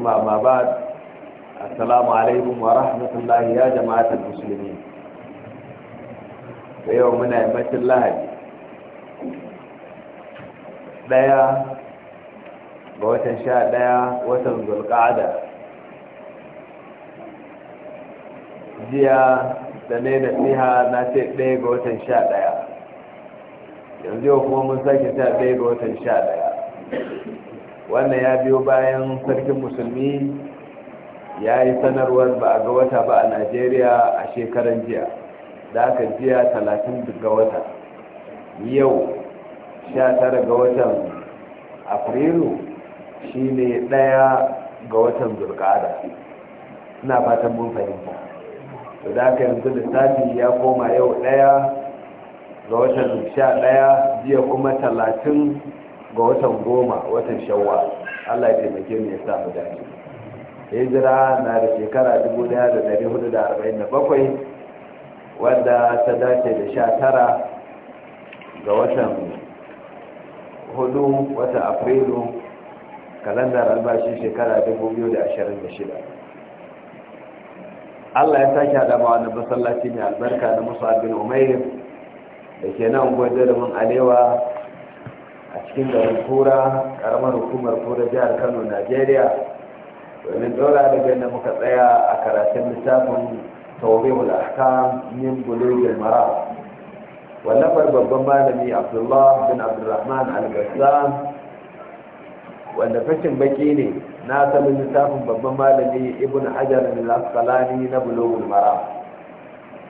ثم ما بعد السلام عليكم ورحمة الله يا جماعة المسلمين ويومنا يمت الله ديا بوتن شاء ديا وتن ذو القعدة جيا دنينا فيها ناتي ديا بوتن شاء ديا yanzu yau kuma mun بوتن شاء ديا wannan ya biyo bayan sarkin musulmi ya yi sanarwar ba a ga wata ba a najeriya a shekaran jiya da aka jiya talatin ga wata yau sha tara ga watan afrilu shi ne daya ga watan zurgada suna fatan mun fahimta to da aka yanzu lissafi ya koma yau daya ga watan sha ɗaya jiya kuma talatin ga watan goma watan shawwa allah ya taimake mu ya sa mu dace hijira na da shekara 1447 wadda ta dace da sha tara ga watan hudu watan afrilu kalandar albashi shekara 2026 allah ya sake adama wa annabi masallaci mai albarka na musa bin umair da ke nan mun alewa a cikin garin kura karamar hukumar kura jihar kano najeriya domin daura daga ganda muka tsaya a karatun littafin tawbihul ahkam min mara wallafar babban malami abdullah bin abdulrahman al-gassam wanda fashin baki ne na asalin littafin babban malami ibn hajar bin asqalani na bulugul mara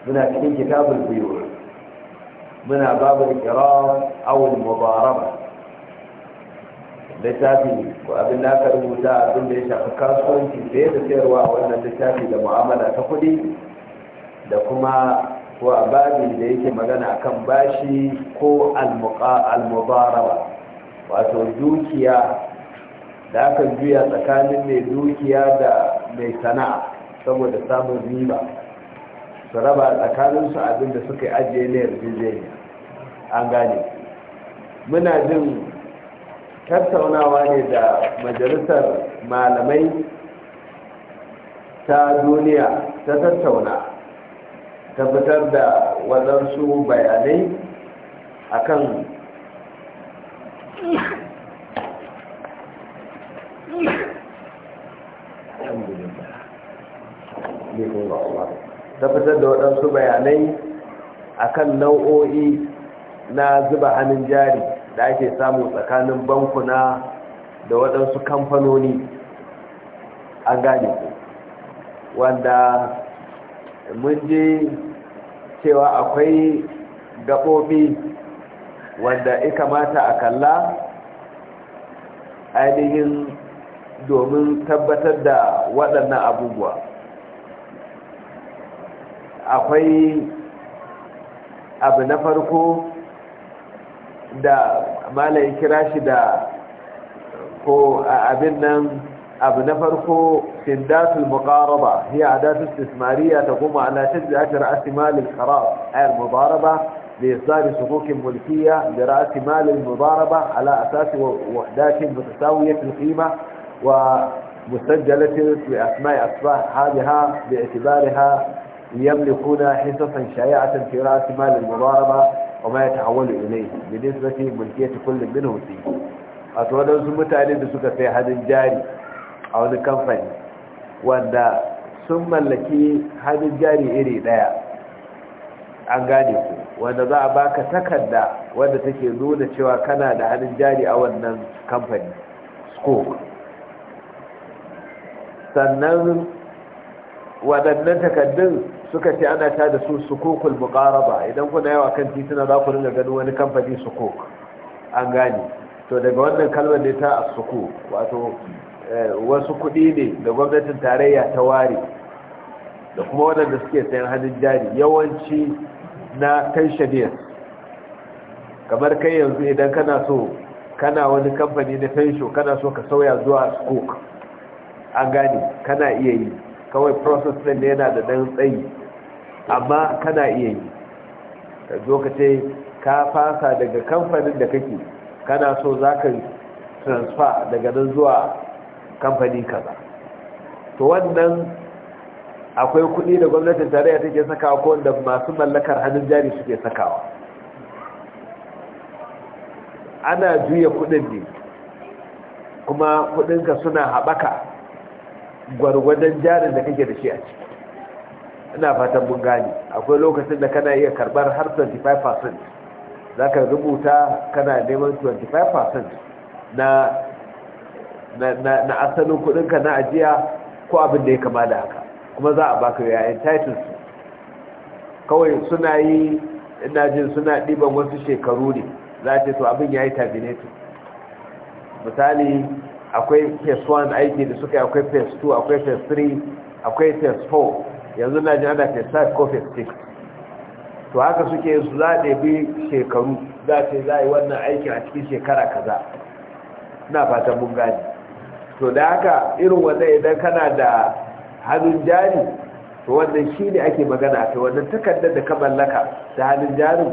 muna cikin kitabul buyur muna babu ikirar awul mubaraba littafi ko abin da aka rubuta abin da ya shafi kasuwanci da yadda sayarwa a wannan littafi da mu'amala ta kuɗi da kuma ko a babi da yake magana akan bashi ko almubaraba wato dukiya da aka juya tsakanin mai dukiya da mai sana'a saboda samun riba su raba tsakaninsu abin da suka yi ajiye na yarjejeniya an gane muna jin tattaunawa ne da majalisar malamai ta duniya ta tattauna ta fitar da waɗansu bayanai akan ta fitar da waɗansu bayanai akan nau'o'i na zuba hannun jari da ake samu tsakanin bankuna da waɗansu kamfanoni an gane ku wanda mun je cewa akwai gaɓoɓi wanda ya kamata a kalla ainihin domin tabbatar da waɗannan abubuwa akwai abu na farko da malayin kira shi da ko abin nan abu na farko sindatul muqaraba hiya adatu istismariya تقوم على تجزئة رأس مال الخراب أي المضاربة لإصدار mudaraba ملكية لرأس مال المضاربة على أساس وحدات متساوية القيمة ومسجلة بأسماء أصحابها باعتبارها يملكون حصصا شائعة في رأس مال المضاربة وما يتحول إليه بالنسبة ملكية كل منهم فيه أتوانا سمتاني بسكة في هذا الجاري أو الكمفاني وأن ثم لكي هذا الجاري إري دايا an gane ku wanda za a baka takarda wanda take nuna cewa kana da hannun jari a wannan kamfani scope sannan waɗannan takardun suka ce ana ta da su sukukul muqaraba idan kuna yawa kan tituna za ku ringa ganin wani kamfani sukuk an gane to daga wannan kalmar ne ta asuku wato eh, wasu kuɗi ne da gwamnatin tarayya ta ware da kuma waɗanda suke sayan hannun jari yawanci na kan kamar kai yanzu idan kana so kana wani kamfani na fensho kana so ka sauya zuwa sukuk an gane kana iya yi kawai process ɗin yana da ɗan tsayi amma kana iya yi ka zo ka ce ka fasa daga kamfanin da kake kana so za ka transfer daga nan zuwa kamfani kaza to wannan akwai kuɗi da gwamnatin tarayya take sakawa ko wanda masu mallakar hannun jari suke sakawa ana juya kuɗin ne kuma kuɗinka suna haɓaka gwargwadon jarin da kake da shi a ciki ina fatan mun gane akwai lokacin da kana iya karbar har 25% za ka rubuta kana neman 25% na na asalin kudinka na ajiya ko abin da ya kama da haka kuma za a baka ya entitled su kawai suna yi ina jin suna ɗiban wasu shekaru ne za ce to abin ya yi tabinatu misali akwai phase 1 aiki da suka yi akwai phase 2 akwai phase 3 akwai phase 4 yanzu na ji ana sa ko stick to haka suke su za a bi shekaru za ce za a yi wannan aikin a cikin shekara kaza na fatan mun gani to da haka irin wanda idan kana da hannun jari to wannan shi ne ake magana ta wannan takardar da ka mallaka da hannun jari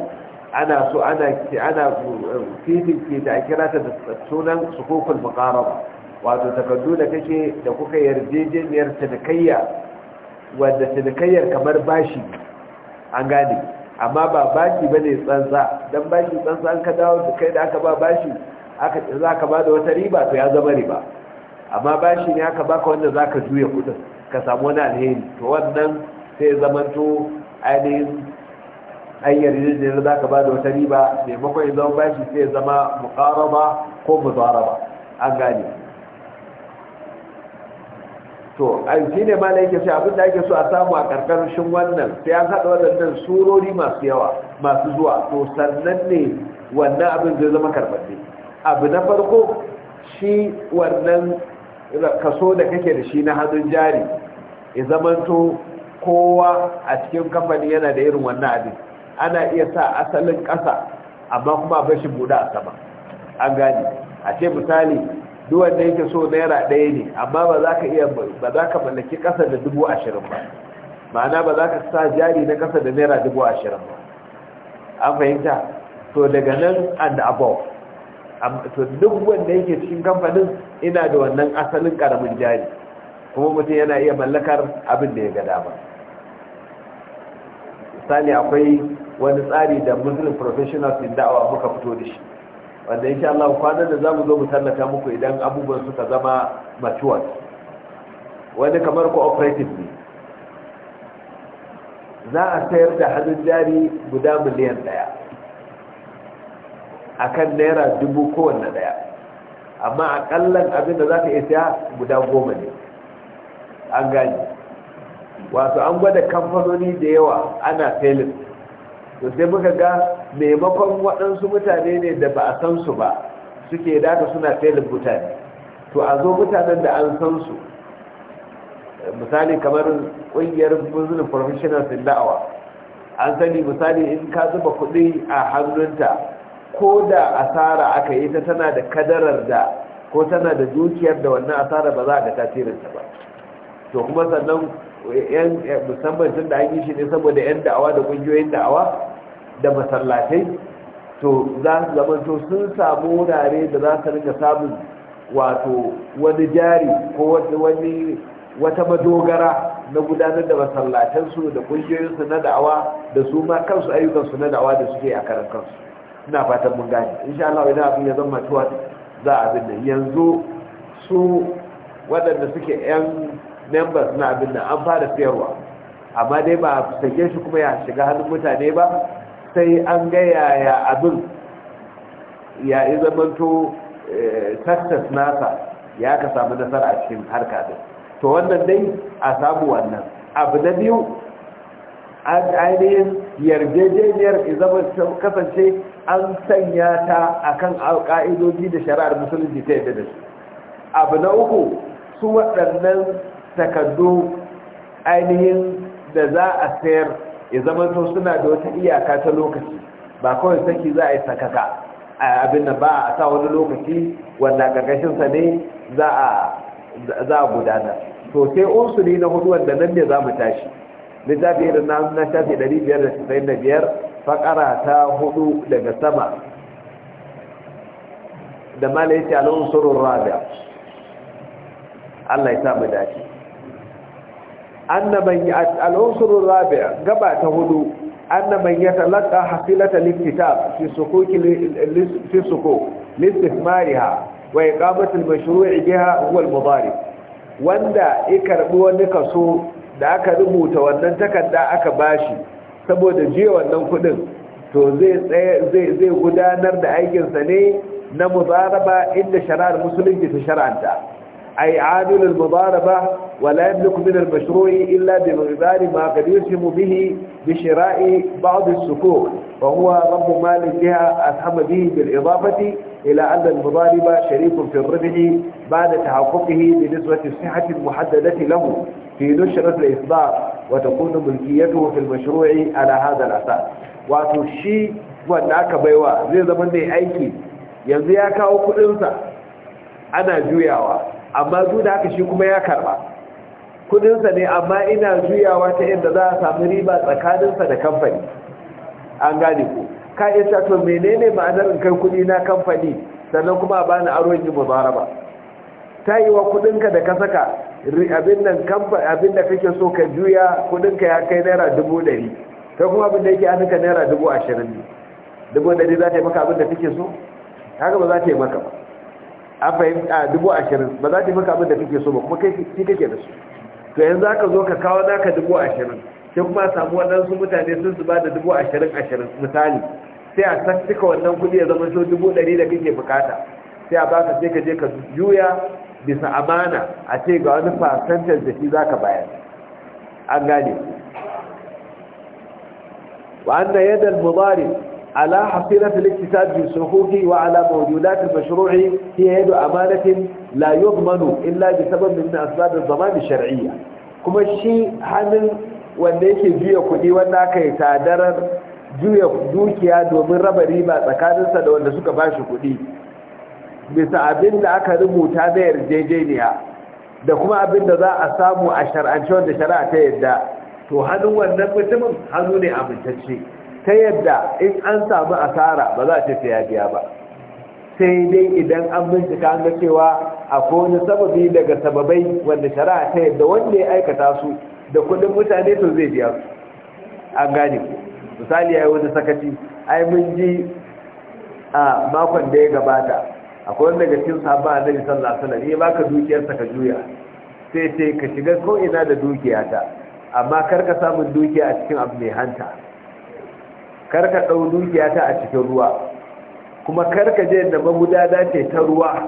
ana so ana ana fitin ke da kira ta da sunan sukukul muqaraba wato takardu da kake da kuka yarjejeniyar cinikayya wadda cinikayyar kamar bashi an gane amma ba bashi ba ne tsansa. don bashi tsansa an ka dawo da kai da aka ba bashi za ka ba da wata riba to ya zama riba amma bashi ne aka baka wanda za ka juya kudin ka samu wani alheri to wannan sai zamanto ainihin ayyar rijiyar za ka ba da wata riba maimakon zama bashi sai zama mukaraba ko muzaraba an gane to shi ne ma yake abin abinda ake so a samu a ƙarƙarshin wannan sai an haɗa waɗannan surori masu yawa masu zuwa to sannan ne wannan abin zai zama karɓarɗe abu na farko shi wannan kaso da kake da shi na hannun jari ya zamanto kowa a cikin kamfani yana da irin wannan abin ana iya sa asalin ƙasa amma kuma a shi buɗe a sama an gane a ce misali duk wanda yake so naira ɗaya ne amma ba za ka iya ba za ka mallaki ƙasa da dubu ashirin ba ma'ana ba za ka sa jari na ƙasa da naira dubu ashirin ba an fahimta to daga nan and above to duk wanda yake cikin kamfanin ina da wannan asalin ƙaramin jari kuma mutum yana iya mallakar abin da ya gada ba misali akwai wani tsari da muslim professionals in da'awa muka fito da shi wanda insha Allah kwanan da mu zo mu tallata muku idan abubuwan suka zama mature wani kamar cooperative ne za a sayar da hannun jari guda miliyan daya akan naira dubu kowanne daya amma akallan abin da za ka iya siya guda goma ne an gani wato an gwada kamfanoni da yawa ana felin to sai muka ga maimakon waɗansu mutane ne da ba a san su ba suke daga suna felin mutane to a zo mutanen da an san su misali kamar ƙungiyar muslim professionals in da'awa an sani misali in ka zuba kuɗi a hannunta ko da asara aka yi ta tana da kadarar da ko tana da dukiyar da wannan asara ba za a ga tasirinta ba to kuma sannan musamman tun da an yi shi ne saboda 'yan da'awa da ƙungiyoyin da'awa da masallatai to za su to sun samu wurare da za su rinka samun wato wani jari ko wani wata madogara na gudanar da masallatansu da kungiyoyinsu na da'awa da su ma kansu ayyukansu na da'awa da suke a karan kansu ina fatan mun gane insha Allah idan abin ya zama tuwa za a abin nan yanzu su waɗanda suke yan members na abin nan an fara sayarwa amma dai ba sake shi kuma ya shiga hannun mutane ba sai an ga yaya abin ya yi zamanto eh, success nasa ya ka samu nasara a cikin harka din to wannan dai a samu wannan abu na biyu an ainihin yarjejeniyar zama kasance an sanya ta a kan ka'idoji da shari'ar musulunci ta yadda da su abu na uku su waɗannan takardu ainihin da za a sayar ya zama sau suna da wata iyaka ta lokaci ba kawai saki za a yi sakaka abin da ba a sa wani lokaci wanda ƙarƙashinsa ne za a gudana to sai ne na hudu wanda nan ne za mu tashi littafi da na na shafi 595 fakara ta hudu daga sama da malayi ce al'unsurin rabia Allah ya sa mu dace anna ya al gaba ta hudu anna ya talaka hasilata lil fi sukuk fi wa iqamati mashru biha huwa al wanda ya karbi wani kaso da aka rubuta wannan takarda aka bashi saboda jiya wannan kudin to zai gudanar da aikinsa ne na muzaraba inda shari'ar musulunci ta shar'anta أي عامل المضاربة ولا يملك من المشروع إلا بمقدار ما قد يسهم به بشراء بعض السكوك فهو رب مال الجهة أسهم به بالإضافة إلى أن المضارب شريك في الربح بعد تحققه بنسبة الصحة المحددة له في نشرة الإصدار وتكون ملكيته في المشروع على هذا الأساس وتشي وأنك بيوا زي زمن أيكي yanzu ya kawo kudinsa ana juyawa amma duk da haka shi kuma ya karba kudinsa ne amma ina juyawa ta inda za a samu riba tsakaninsa da kamfani an gane ku ka iya cewa to menene ma'anar kai kudi na kamfani sannan kuma a bani aro yi ba. ta yi wa kudinka da ka saka abin nan abin da kake so ka juya kudinka ya kai naira dubu ɗari ta kuma abin da yake an naira dubu ashirin ne dubu ɗari za ta yi maka abin da kake so haka ba za ta yi maka ba a fahimta dubu ashirin ba za ta maka abin da kake so ba kuma kai kake da su to yanzu za ka zo ka kawo naka dubu ashirin sai kuma samu waɗansu mutane sun su ba da dubu ashirin ashirin misali sai a san cika wannan kuɗi ya zama so dubu ɗari da kake bukata sai a ba ka sai ka je ka juya bisa amana a ce ga wani fasantar da shi za ka bayar an gane wa'anda yadda mubari على حصيلة الاكتساب بالصحوح وعلى موجودات المشروع هي يد أمانة لا يضمن إلا بسبب من أسباب الضمان الشرعية كما الشيء حمل wanda yake juya kuɗi wanda aka yi tadarar juya dukiya domin raba riba tsakaninsa da wanda suka bashi kuɗi bisa abinda da aka rubuta na yarjejeniya da kuma abinda za a samu a shar'ance wanda shari'a ta yarda, to hannun wannan mutumin hannu ne amintacce ta yadda in an samu asara ba za a ce ta ya biya ba sai dai idan an bincika an ga cewa a wani sababi daga sababai wanda shari'a ta yadda wanda ya aikata su da kudin mutane to zai biya su an gane misali ya yi wani sakaci ai mun ji a makon da ya gabata akwai wanda daga cikin sabon annabi sallallahu alaihi wasallam ya baka dukiyarsa ka juya sai sai ka shiga ko ina da dukiyata amma kar ka samun dukiya a cikin abu mai hanta karka ɗau dukiya ta a cikin ruwa kuma karka je da magudana ce ta ruwa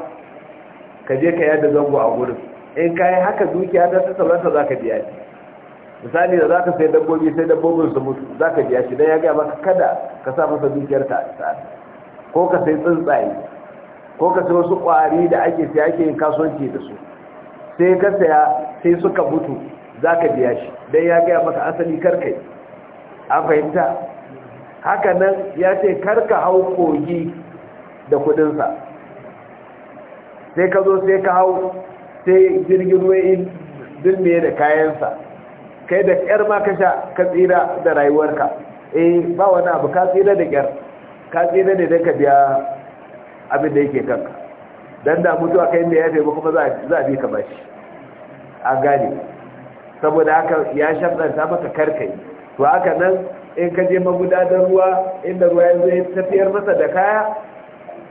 ka je ka yada zango a gurin in ka yi haka dukiya ta ta salanta za ka biya shi misali da za ka sai dabbobi sai dabbobin su mutu za ka biya shi don ya gaya maka kada ka sa masa dukiyar ta a ko ka sai tsuntsaye ko ka sai wasu ƙwari da ake sai ake yin kasuwanci da su sai ka saya sai suka mutu za ka biya shi don ya gaya maka asali karkai an fahimta haka nan ya ce karka hau kogi da kudinsa sai ka zo sai ka hau sai jirgin wa'in dirne da kayansa kai da ƙyar ma ka sha ka tsira da rayuwarka eh ba wani abu ka tsira da ƙyar ka tsira ne don ka biya abin da yake kanka don da mutuwa kai da ya fi kuma za a bi ka bashi a gane saboda haka ya shaɗanta maka karkai to haka nan in ka je magudanar ruwa inda ruwa ya zai tafiyar masa da kaya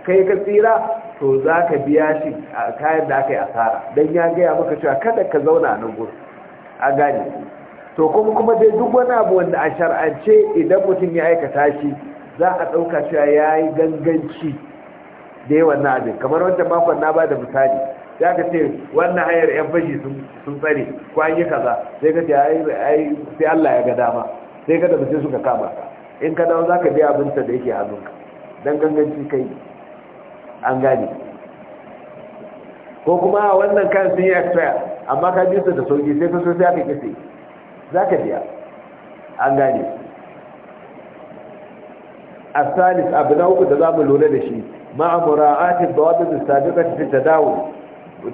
kai ka tsira to za ka biya shi a kayan da aka yi asara don ya gaya maka cewa kada ka zauna a nan gudu a gane to kuma kuma dai duk wani abu wanda a shar'ance idan mutum ya aikata shi za a ɗauka cewa ya yi ganganci da yawan na abin kamar wancan makon na ba da misali ya ka ce wannan hanyar yan fashi sun tsare ko an yi kaza sai ka ce sai Allah ya ga dama sai kada tafi sai suka kama ka in ka dawo za ka biya abinsa da yake hannunka don ganganci kai an gane ko kuma wannan kan sun yi expire amma ka jinsa da sauki sai ka so sai aka kise za ka biya an gane a salis abu na uku da za mu lura da shi ma'amura atin da wadda ta fi tadawo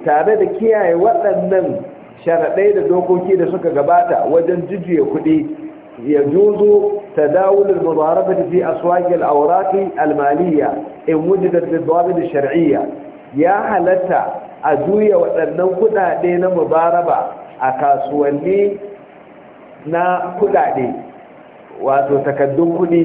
tare da kiyaye waɗannan sharaɗai da dokoki da suka gabata wajen jijiye kuɗi يجوز تداول المضاربة في أسواق الأوراق المالية إن وجدت بالضوابط الشرعية يا هلتا أدوية وأنه كدادين مضاربة أكاسواني na kudade wato takardun kudi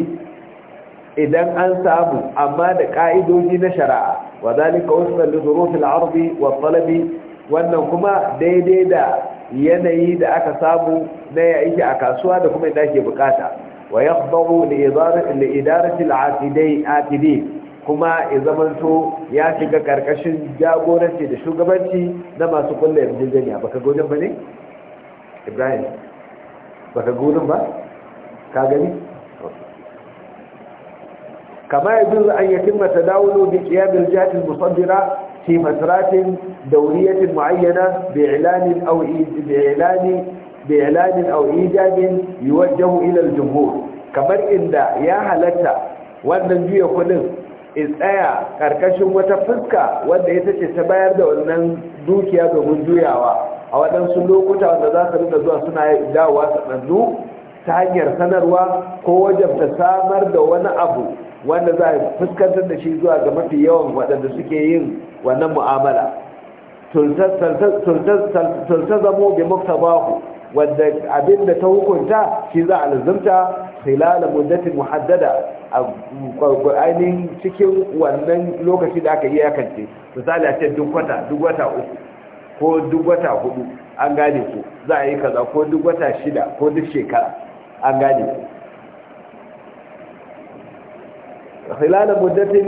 idan an samu amma da ƙa'idodi na shari'a wa zalika usman li dhuruf al-'ardi wannan kuma daidai da yanayi da aka samu na ya yi a kasuwa da kuma inda ake bukata wa yakhdahu li idarati al-aqidai kuma ya zamanto ya shiga karkashin jagoranci da shugabanci na masu kullu yarjejeniya baka ba bane Ibrahim baka gudun ba ka gani kama ya juzu an yatimma tadawulu bi qiyamil jati al-musaddira في فترات دورية معينة بإعلان أو بإعلان بإعلان أو إيجاد يوجه إلى الجمهور kamar inda ya halatta wannan juya kudin in tsaya karkashin wata fuska wanda ya tace ta bayar da wannan dukiya domin juyawa a waɗansu lokuta wanda za su rika zuwa suna dawowa sanannu ta hanyar sanarwa ko ta samar da wani abu wanda za a fuskantar da shi zuwa ga mafi yawan waɗanda suke yin wannan mu'amala tulta zamo bi muktabahu wanda abin da ta hukunta shi za a lazumta khilala muddatin muhaddada a ainihin cikin wannan lokaci da aka yi yakance misali a ce duk wata duk wata uku ko duk wata hudu an gane ku za a yi kaza ko duk wata shida ko duk shekara an gane ku خلال مدة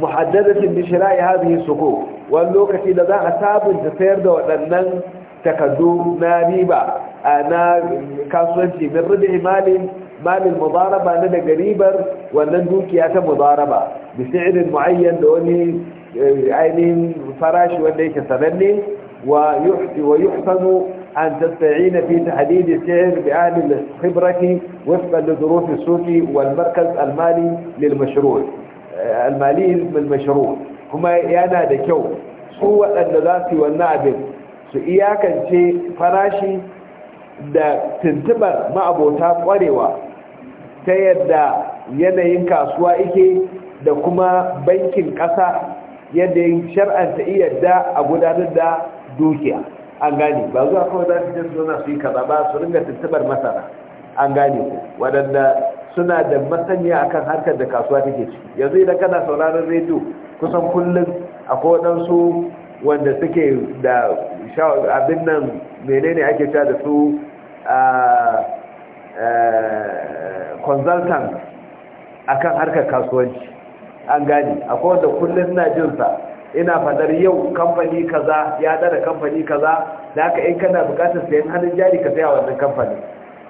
محددة بشراء هذه السكوك واللوكة إذا ذا أساب تسير دو أنن تكدو ناريبا أنا كاسوانتي من ربع مال مال المضاربة أنا قريبا ونندوك ياتا مضاربة بسعر معين دوني عينين فراش وليك سنني ويحسن أن تستعين في تحديد السعر بأهل الخبرة وفقا لظروف السوق والمركز المالي للمشروع المالي للمشروع kuma yana da kyau su waɗanda za su yi wannan abin su iyakance farashi da tuntubar ma'abota ƙwarewa ta yadda yanayin kasuwa ike da kuma bankin ƙasa yadda yin shar'anta iya da a gudanar da dukiya an gane ba zuwa kawai za su je su zauna su yi kaza ba su ringa tuntubar masana an gane ku waɗanda suna da masaniya akan harkar da kasuwa take ciki yanzu idan kana sauraron rediyo kusan kullum akwai waɗansu wanda suke da abin nan menene ake cewa da su a consultant akan harkar kasuwanci an gane akwai wanda kullum na jinsa ina fadar yau kamfani kaza ya dada kamfani kaza da haka in kana bukatar sayan hannun jari ka saya wannan kamfani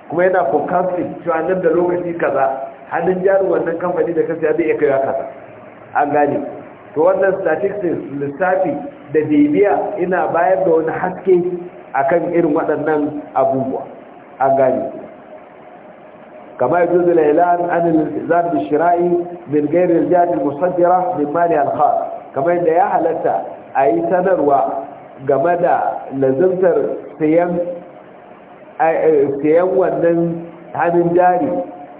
kuma yana forecasting cewa nan da lokaci kaza hannun jari wannan kamfani da ka saya zai iya kaiwa kaza an gane to wannan statistics lissafi da bibiya ina bayar da wani haske akan irin waɗannan abubuwa an gane كما يجوز الإعلان عن الالتزام بالشراء من غير الجهات المصدرة من مالها الخاص kamar da ya halatta a yi sanarwa game da lazimtar siyan wannan hannun jari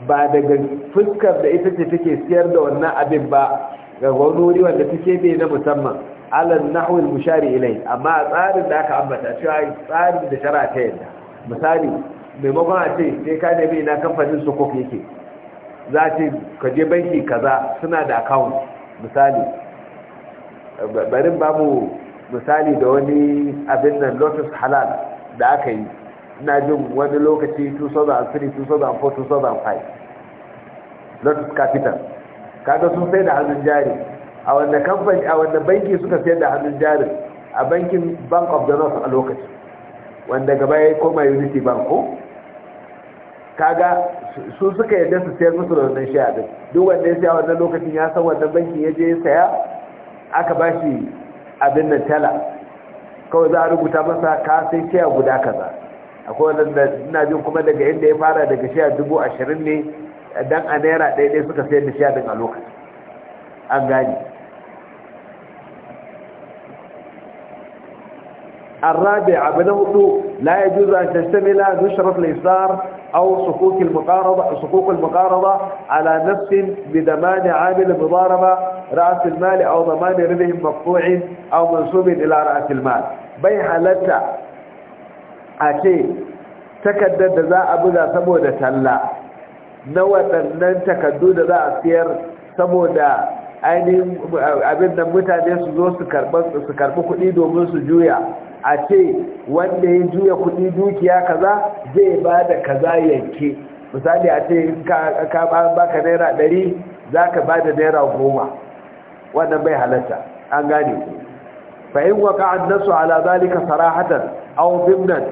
ba daga fuskar da ita ce take siyar da wannan abin ba ga wani wanda take ne na musamman alan nahwil mushari ilai amma a tsarin da aka ambata cewa tsarin da shara ta yadda misali maimakon a ce sai ka nemi na kamfanin sukuk yake za ce ka banki kaza suna da akawun misali barin babu misali da wani abin nan lotus halal da aka yi ina jin wani lokaci 2003 2004 2005 lotus capital kaga sun sai da hannun jari a wanda kamfani a wanda banki suka sai da hannun jarin a bankin bank of the north a lokaci wanda gaba ya koma unity bank ko kaga su suka yadda su sayar musu da wannan shi a duk wanda ya sayar wannan lokacin ya san wannan bankin ya je ya saya aka ba shi abin da tala kawai za a rubuta masa ka sai shiya guda kaza akwai wadanda suna jin kuma daga inda ya fara daga shiya dubu ashirin ne dan a naira ɗaya ɗaya suka sayar da shiya din a lokacin an gani الرابع بنوته لا يجوز أن تشتمل نشرة الإصدار أو صكوك المقارضة, صكوك المقارضة على نفس بضمان عامل المضاربة رأس المال أو ضمان ربح مقطوع أو منسوب إلى رأس المال bai halatta a ce takaddar da za a buga saboda talla na waɗannan takaddu da za a siyar saboda ainihin abin da mutane su zo su karɓi kuɗi domin su juya a ce wanda ya juya kuɗi dukiya kaza zai ba da kaza yanke misali a ce ka baka naira ɗari za ka ba da naira goma wannan bai halatta an gane ku fa'in waka an nasu ala zalika sarahatan au bimnan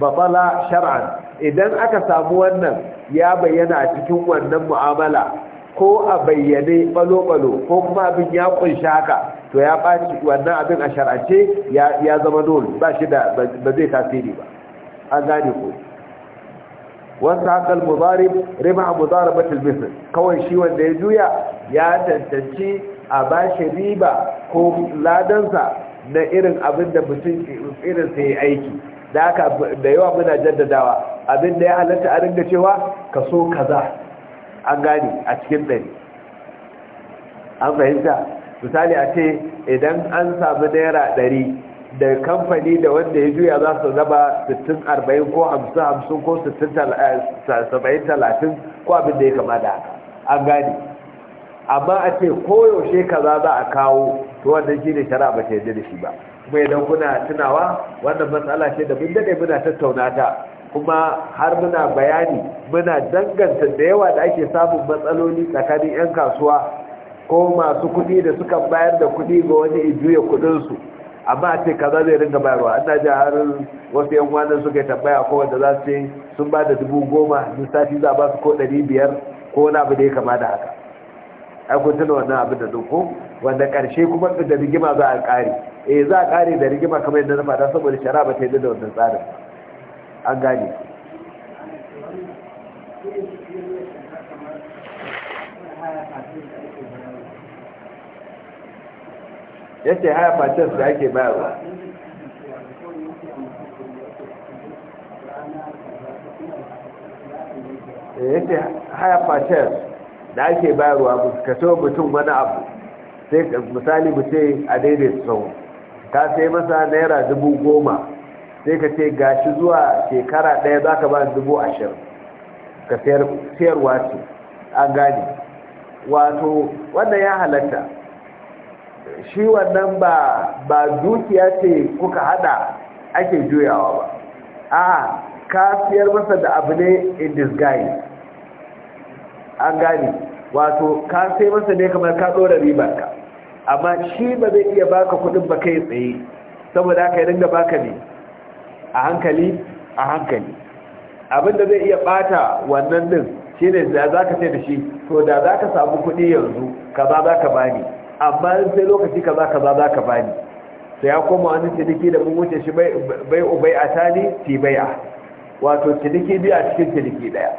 batala shar'an idan aka samu wannan ya bayyana a cikin wannan mu'amala ko a bayyane balo-balo ko kuma abin ya kunshi haka to ya ɓaci wannan abin a shar'ance ya zama dole ba shi da ba zai tasiri ba an gane ko wasu haƙal mubarib rima a misir kawai shi wanda ya juya ya tantanci a ba shi riba ko ladansa na irin abin da mutum irin sai aiki da haka da yawa muna jaddadawa abin da ya halatta a ringa cewa kaso kaza an gane a cikin ɗari an fahimta misali a ce idan an samu naira ɗari da kamfani da wanda ya juya za su zama 60-40 ko 50-50 ko 70-30 eh, ko abin da ya kama da haka an gane amma a ce koyaushe kaza za a kawo to wannan shi ne shara ba ta yadda da shi ba mai don kuna tunawa wannan matsala ce da mun muna tattauna ta kuma har muna bayani muna danganta da yawa da ake samun matsaloli tsakanin 'yan kasuwa ko masu kuɗi da suka bayar da kuɗi ga wani ijuya kuɗinsu amma a ce kaza zai ringa bayarwa an ji har wasu yan wanan suka tambaya ko wanda za su yi sun ba da dubu goma lissafi za a ba su ko ɗari biyar ko wani abu da ya kama da haka ai kun tuna wannan abin da duku, wanda ƙarshe kuma da rigima za a ƙare eh za a ƙare da rigima kamar yadda na faɗa saboda shara ba ta yi da wannan tsarin ba an gane haya facen da ake bayarwa eh, ya haya facen da ake bayarwa ka so mutum wani abu sai misali mu a daidai tsawo ta sai masa naira dubu goma sai ka ce gashi zuwa shekara ɗaya za ka ba dubu ashirin ka sayarwa ce an gane wato wannan ya halatta shi wannan ba dukiya ce kuka hada ake juyawa ba a ka sayar masa da abu ne in disguise an gane wato ka sai masa ne kamar ka ɗora ka? amma shi ba zai iya baka kudin ba kai tsaye saboda ka yi ringa baka ne a hankali a hankali abinda zai iya bata wannan din ne da za ka ce da shi to da za ka samu kuɗi yanzu ka za ka bani amma sai lokaci ka za ka za ka bani sai ya koma wani ciniki da mun wuce shi bai ubai a tali ti baya. wato ciniki biyu a cikin ciniki daya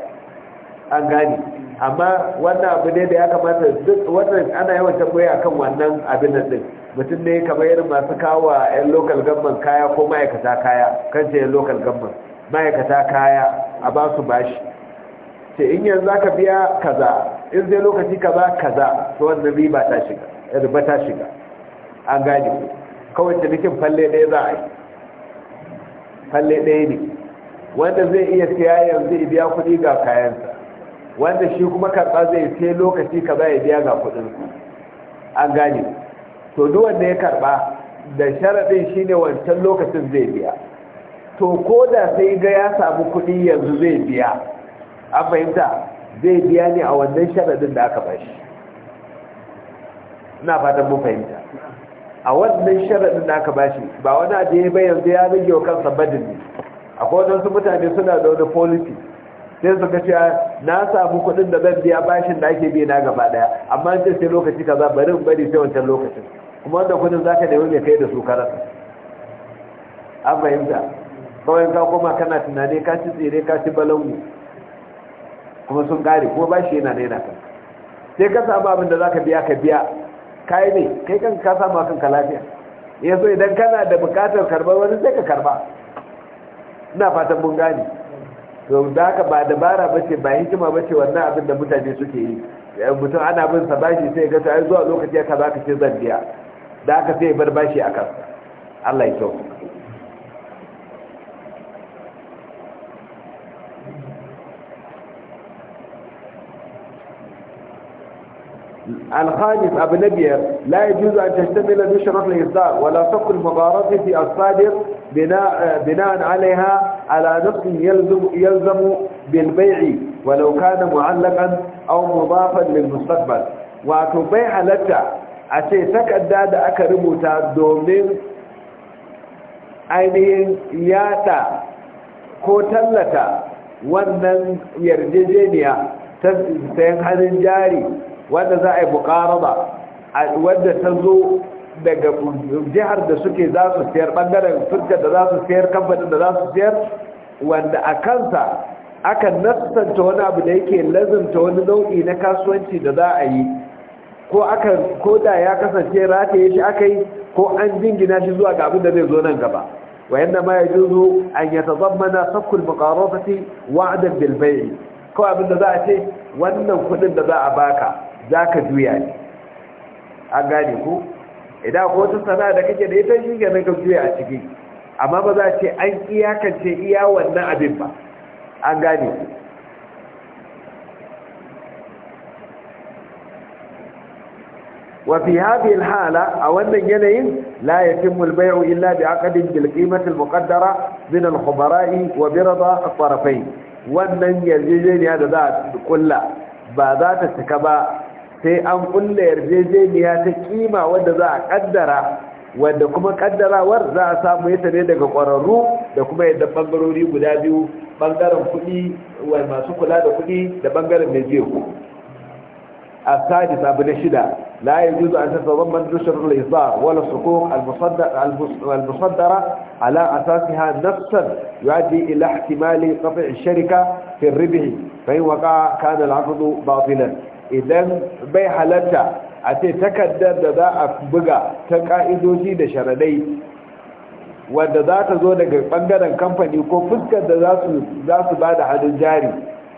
an gani amma wannan abu ne da ya kamata duk wannan ana yawan tambaya kan wannan abin nan din mutum ne kamar irin masu kawo a 'yan local government kaya ko ma'aikata kaya kan ce yin local government ma'aikata kaya a ba su bashi ce in yanzu za ka biya kaza in zai lokaci kaza kaza su wannan riba ta shiga riba ta shiga an gani ku kawai cinikin falle ɗaya za a yi falle ɗaya ne wanda zai iya siya yanzu ya biya kuɗi ga kayansa wanda shi kuma karɓa zai sai lokaci kaza ya biya ga kuɗinsa an gani. ku to duk wanda ya karba da sharaɗin shine wancan lokacin zai biya to ko da sai ga ya samu kuɗi yanzu zai biya an fahimta zai biya ne a wannan sharaɗin da aka bashi na fatan mun fahimta a wannan sharaɗin da aka bashi ba wani ajiye ba yanzu ya rage wa kansa badin ne akwai wadansu mutane suna da wani policy sai su ga cewa na samu kuɗin da zan biya bashin da ake biya na gaba ɗaya amma sai lokaci kaza bari bari sai wancan lokacin kuma wanda kudin za ka yau mai kai da su karar an fahimta kawai ka koma kana tunani ka ci tsere ka ci balangu kuma sun kare kuma ba shi yana yana kan sai ka samu abin da za ka biya ka biya kayi ne kai kan ka samu akan ka lafiya ya so idan kana da bukatar karba wani sai ka karba ina fatan mun gane to da haka ba dabara ba ce ba hikima ba ce wannan abin da mutane suke yi eh, mutum ana bin sa bashi sai gasa ai zuwa lokaci ka za ka ce zan biya da aka sai bar bashi a kansa Allah ya الخامس أبو نبيل لا يجوز أن تشتمل نشرة الإصدار ولا فق المضارات في الصادر بناء, بناء عليها على نقص يلزم, يلزم بالبيع ولو كان معلقا أو مضافا للمستقبل وتبيع لك a ce takarda da aka rubuta domin ainihin yata ko tallata wannan yarjejeniya ta sayan hannun jari wanda za a yi ba, wadda ta zo daga jihar da suke za su siyar ɓangaren turka da za su siyar kamfanin da za su siyar wanda a kansa aka nasanta wani abu da yake lazinta wani nau'i na kasuwanci da za a yi ko aka ko da ya kasance rataye shi aka yi ko an jingina shi zuwa ga abin da zai zo nan gaba wa yanda ma yajuzu an tazammana sakul muqarafati wa'dan bil bay' ko abin da za a ce wannan kudin da za a baka zaka juya ne an gane ku idan ko wata sana'a da kake da ita shi ga ka juya a ciki amma ba za a ce an iyakance iya wannan abin ba an gane ku wa fi hala, a wannan yanayin layafin yatimmu illa bi aqdin bil mukaddara almuqaddara min alkhubara'i wa wannan yarjejeniya da za a kulla ba za ta cika ba sai an kulla yarjejeniya ta kima wadda za a kaddara wadda kuma kaddarawar za a samu ita ne daga kwararru da kuma yadda bangarori guda biyu bangaren kuɗi wa masu kula da kuɗi da bangaren mai jiya السادس أبن الشدة لا يجوز أن تتضمن نشر الإصدار ولا الصكوك المصدرة على أساسها نفسا يؤدي إلى احتمال قطع الشركة في الربح فإن وقع كان العقد باطلا إذن بي حالتا أتي تكدر دا أفبقى تقائدوشي دا شردي wadda za ta zo daga ɓangaren kamfani ko fuskar da za su ba da hannun jari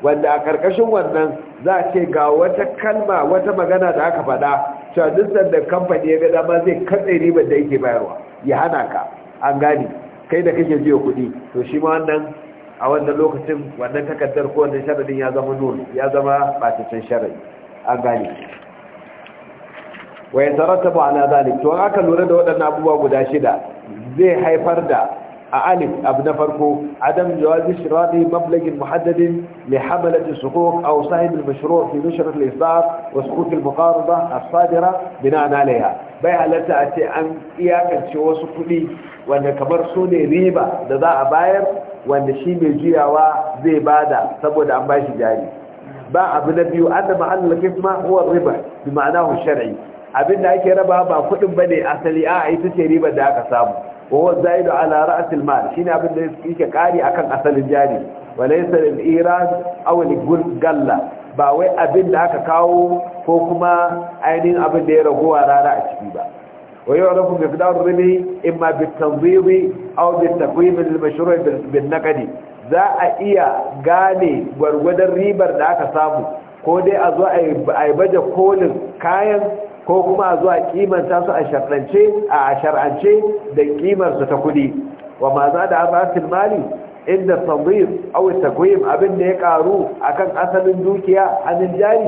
wanda a karkashin wannan za a ce ga wata kalma wata magana da aka faɗa cewa da kamfani ya ga ma zai katse ribar da yake bayarwa ya hana ka an gani kai da kake biyo kuɗi to shi ma wannan a wannan lokacin wannan takardar ko wannan sharadin ya zama nun ya zama batacin sharadi an gani wa yatarattabu ala zalik to aka lura da waɗannan abubuwa guda shida zai haifar da A alif abu na farko adam jawabi shirafi mablagin muhaddadin lihamalatin sukuk a usahin bilmashiro fi nushirar lissar wa sukukin bukaru ba a sadira bina bai halarta a ce an iyakance wasu kuɗi wanda kamar Sune riba da za a bayar wanda shi mai juyawa zai bada saboda an bashi jari ba abu na biyu an da ma'allar kisma riba bi ma'ana hu shari'i abinda ake raba ba kuɗin ba ne asali a ita ce ribar da aka samu wa zaidu ala ra'sil mal shine abin da yake kari akan asalin jari walaysa lil iran aw lil galla ba wai abin da aka kawo ko kuma ainihin abin da ya ragowa rara a ciki ba ويعرف مقدار الربح إما بالتنظيم أو بالتقويم المشروع بالنقد za a iya gane gwargwadon ribar da aka samu ko dai a zo a yi baje kolin kayan ko kuma a zuwa kimanta su a shar'ance a shar'ance da kimar su ta kudi wa ma za da abatil mali inda tanzir aw takwim abin da ya karu akan asalin dukiya anin jari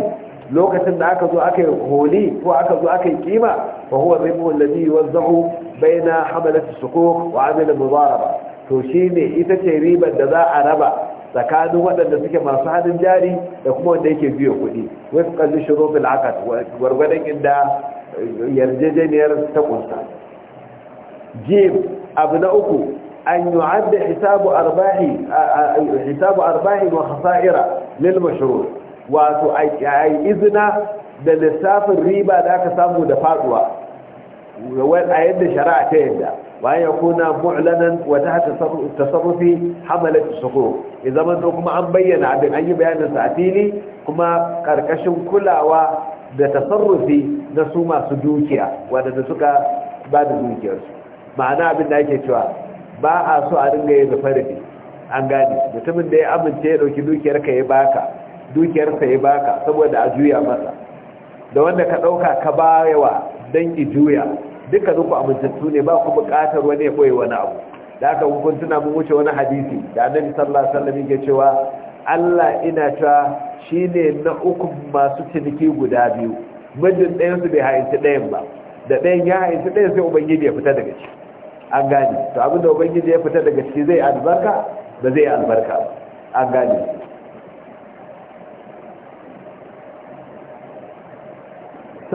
lokacin da aka zo aka yi holi ko aka zo aka yi kima fa huwa rimu alladhi yuwazzahu baina hamalat su ko wa Amina Mubaraba. to shine ita ce ribar da za a raba tsakanin waɗanda suke masu hannun jari da kuma wanda yake biya kuɗi wasu kalli shiro bil akad gwargwadon inda yarjejeniyar ta kunsa jim abu na uku an yu'adda hisabu arbahi hisabu arbahi wa khasa'ira lil mashrur wato ai izina da lissafin riba da aka samu da faduwa a yadda shari'a ta yadda wa ya kuna mu'lanan wa ta tasarrufi hamalat suhur ya mun kuma an bayyana abin an yi bayanin sa a fili kuma karkashin kulawa da tasarrufi na su masu dukiya wadanda suka ba da dukiyarsu ma'ana abin da ake cewa ba a so a dinga yin zafarfi an gane mutumin da ya amince ya dauki dukiyar ka ya baka dukiyar sa ya baka saboda a juya masa da wanda ka dauka ka bayawa dan ki juya duka zuku amintattu ne ba ku buƙatar wani ya koyi wani abu da aka hukuntuna tuna mun wuce wani hadisi da annabi sallallahu alaihi wasallam yake cewa Allah ina ta shine na uku masu ciniki guda biyu muddin ɗayan su bai haifi ɗayan ba da ɗayan ya haifi ɗayan sai ubangiji ya fita daga ciki an gane to abinda ubangiji ya fita daga ciki zai albarka ba zai albarka an gane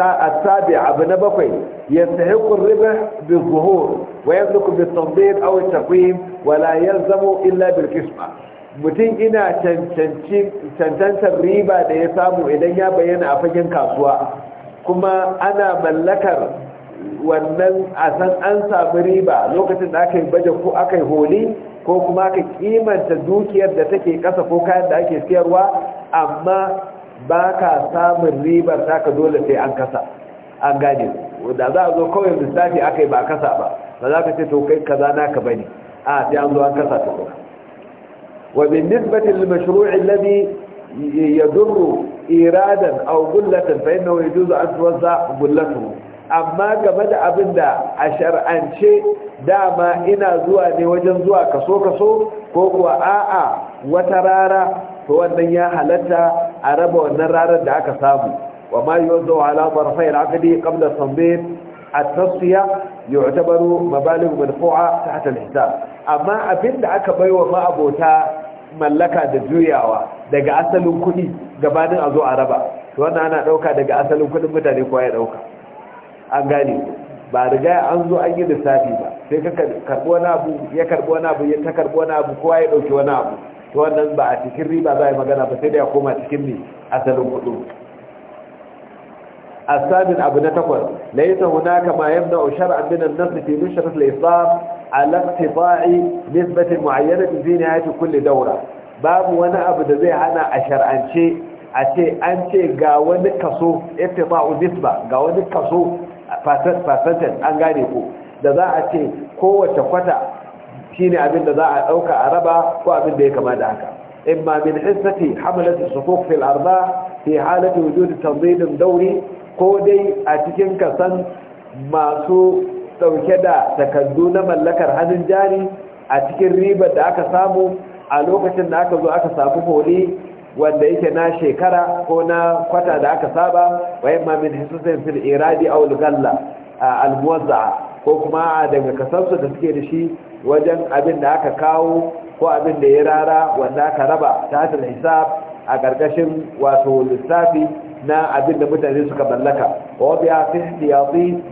السابع ابن بقي يستحق الربح بالظهور ويملك بالتنظيم أو التقويم ولا يلزم إلا بالقسمة mutum ina cancantar riba da ya samu idan ya bayyana a fagen kasuwa kuma ana mallakar wannan a san an samu riba lokacin da aka yi baje ko aka yi holi ko kuma aka kimanta dukiyar da take kasa ko kayan da ake siyarwa amma ba ka samun ribar taka dole sai an kasa an gane da za a zo kawai lissafi aka yi ba kasa ba ba za ka ce to kai kaza ka bane a sai an zo an kasa ta kuma wa bin nisbati lil ya alladhi yadurru iradan aw gullatan fa innahu yajuzu an tuwazza gullatu amma game da abin da a shar'ance dama ina zuwa ne wajen zuwa kaso kaso ko kuwa a'a wata rara to wannan ya halatta a raba wannan ranar da aka samu wa ma yuzu ala barfai al-aqdi qabla tanbit at-tasfiya yu'tabaru mabalig marfu'a tahta al-hisab amma abinda aka baiwa ma abota mallaka da juyawa daga asalin kudi gabanin a zo a raba to wannan ana dauka daga asalin kudin mutane ko ya dauka an gane ba riga an zo an yi lissafi ba sai ka karbi wani abu ya karbi wani abu ya ta karbi wani abu kowa ya dauki wani abu to wannan ba a cikin riba za magana ba sai da a koma cikin ne asalin kudu asalin abu na takwas laisa hunaka ma yabda ushar abin nan nasu fi nushar al-islam nisbatin mu'ayyana fi zini hati kulle daura babu wani abu da zai hana a shar'ance a ce an ce ga wani kaso ittifa'u nisba ga wani kaso percentage an gane ko da za a ce kowace kwata shine abin da za a dauka a raba ko abin da ya kama da haka imma min hissati hamalat as-suquq fil arda fi halati wujud tanzim dawri ko dai a cikin kasan masu dauke da takaddu na mallakar hannun jari a cikin ribar da aka samu a lokacin da aka zo aka samu hori wanda yake na shekara ko na kwata da aka saba wa yamma min hisusin fil iradi aw al-galla al-muwazza'a ko kuma daga kasansu da suke da shi wajen abin da aka kawo ko abin da ya rara wanda aka raba ta hatar hisab a ƙarƙashin wato lissafi na abin da mutane suka mallaka wa biya fi ihtiyati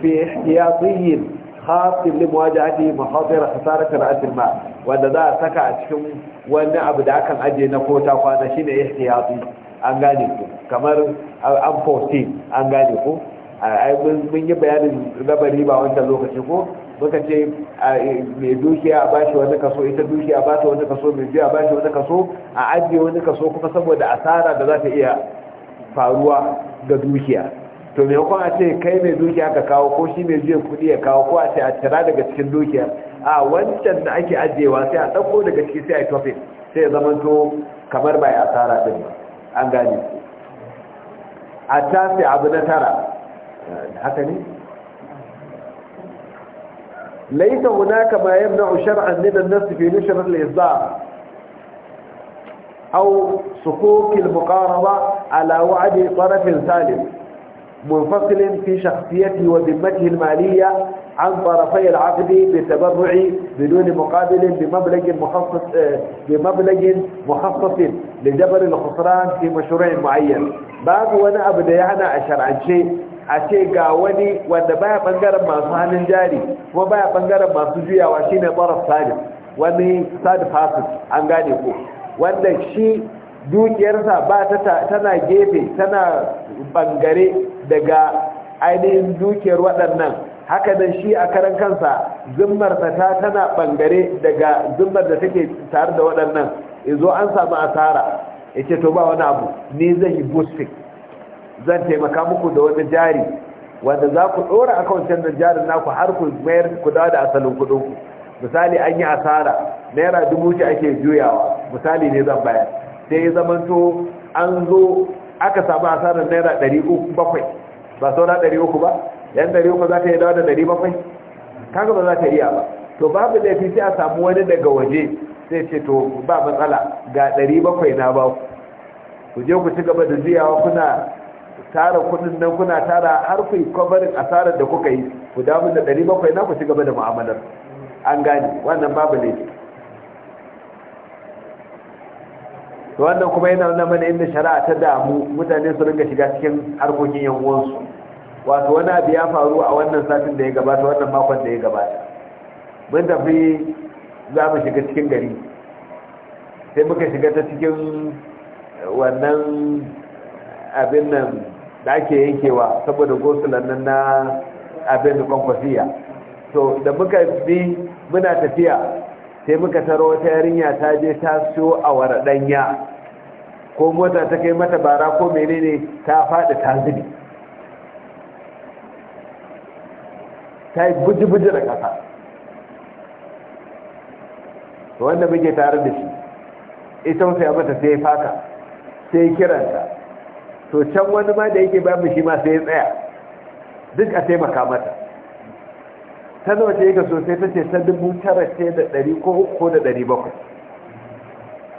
fi ihtiyatiyin khatim li muwajahati makhatir khasarat mal wanda za a saka a cikin wani abu da akan aje na kota kwana shine ihtiyati an gane ku kamar an 14 an gane ku ai mun yi bayanin raba riba wancan lokaci ko muka ce e, mai dukiya a bashi wani kaso ita dukiya a bata wani kaso mai biya a bashi wani kaso a ajiye wani kaso kuma saboda asara da za ta iya faruwa ga dukiya to me kuma a ce kai mai dukiya ka kawo ko shi mai biyan kudi ya kawo ko a ce a tara daga cikin dukiya a wancan da ake ajiyewa sai a ɗauko daga ciki sai a yi sai ya zamanto kamar bai asara din ba an gane a tasi abu na tara eh, haka ne ليس هناك ما يمنع شرعا من النفس في نشر الإصدار أو صكوك المقاربة على وعد طرف ثالث منفصل في شخصيته وذمته المالية عن طرفي العقد بتبرع بدون مقابل بمبلغ مخصص آه، بمبلغ مخصص لجبر الخسران في مشروع معين باب وانا ابدا يعني اشرع شيء a ce ga wani wanda baya bangaren masu hannun jari kuma baya bangaren masu juyawa shine baraf wani sadif hafiz an gane ko wanda shi dukiyarsa ba ta tana gefe tana bangare daga ainihin dukiyar waɗannan haka nan shi a karan kansa zimmarsa ta tana bangare daga zimmar da take tare da waɗannan izo an samu asara ya ce to ba wani abu ne zai yi boosting zan taimaka muku da wani jari wanda za ku ɗora a kawancin da jarin naku har ku mayar ku dawo da asalin kuɗinku misali an yi asara naira dubu ce ake juyawa misali ne zan bayar sai ya to an zo aka samu asarar naira ɗari uku bakwai ba saura ɗari uku ba yan ɗari uku za ta yi dawo da ɗari bakwai kaga ba za ta iya ba to babu laifi sai a samu wani daga waje sai ce to ba matsala ga ɗari bakwai na ba ku je ku ci gaba da juyawa kuna tara kudin nan kuna tara har ku kwabarin asarar da kuka yi ku damu da 700 na ku ci gaba da mu'amalar an gane wannan babu ne. to wannan kuma yana nuna mana inda shari'a ta damu mutane su ringa shiga cikin harkokin yan uwansu wato wani abu ya faru a wannan satin da ya gabata wannan makon da ya gabata mun tafi za mu shiga cikin gari sai muka shiga ta cikin wannan abin nan da ake yankewa saboda gosulan nan na abin da kwankwasiya to da muka bi muna tafiya sai muka taro wata yarinya ta je ta siyo a waraɗanya ko mota ta kai mata bara ko menene ta faɗi ta zubi ta yi buji-buji da ƙasa wanda muke tare da shi ita wasu ya mata sai faka sai kiranta to can wani ma da yake babu shi ma sai ya tsaya duk a taimaka mata ta zama ce yake sosai ta ce ta dubu tara ce da ɗari ko ko da ɗari bakwai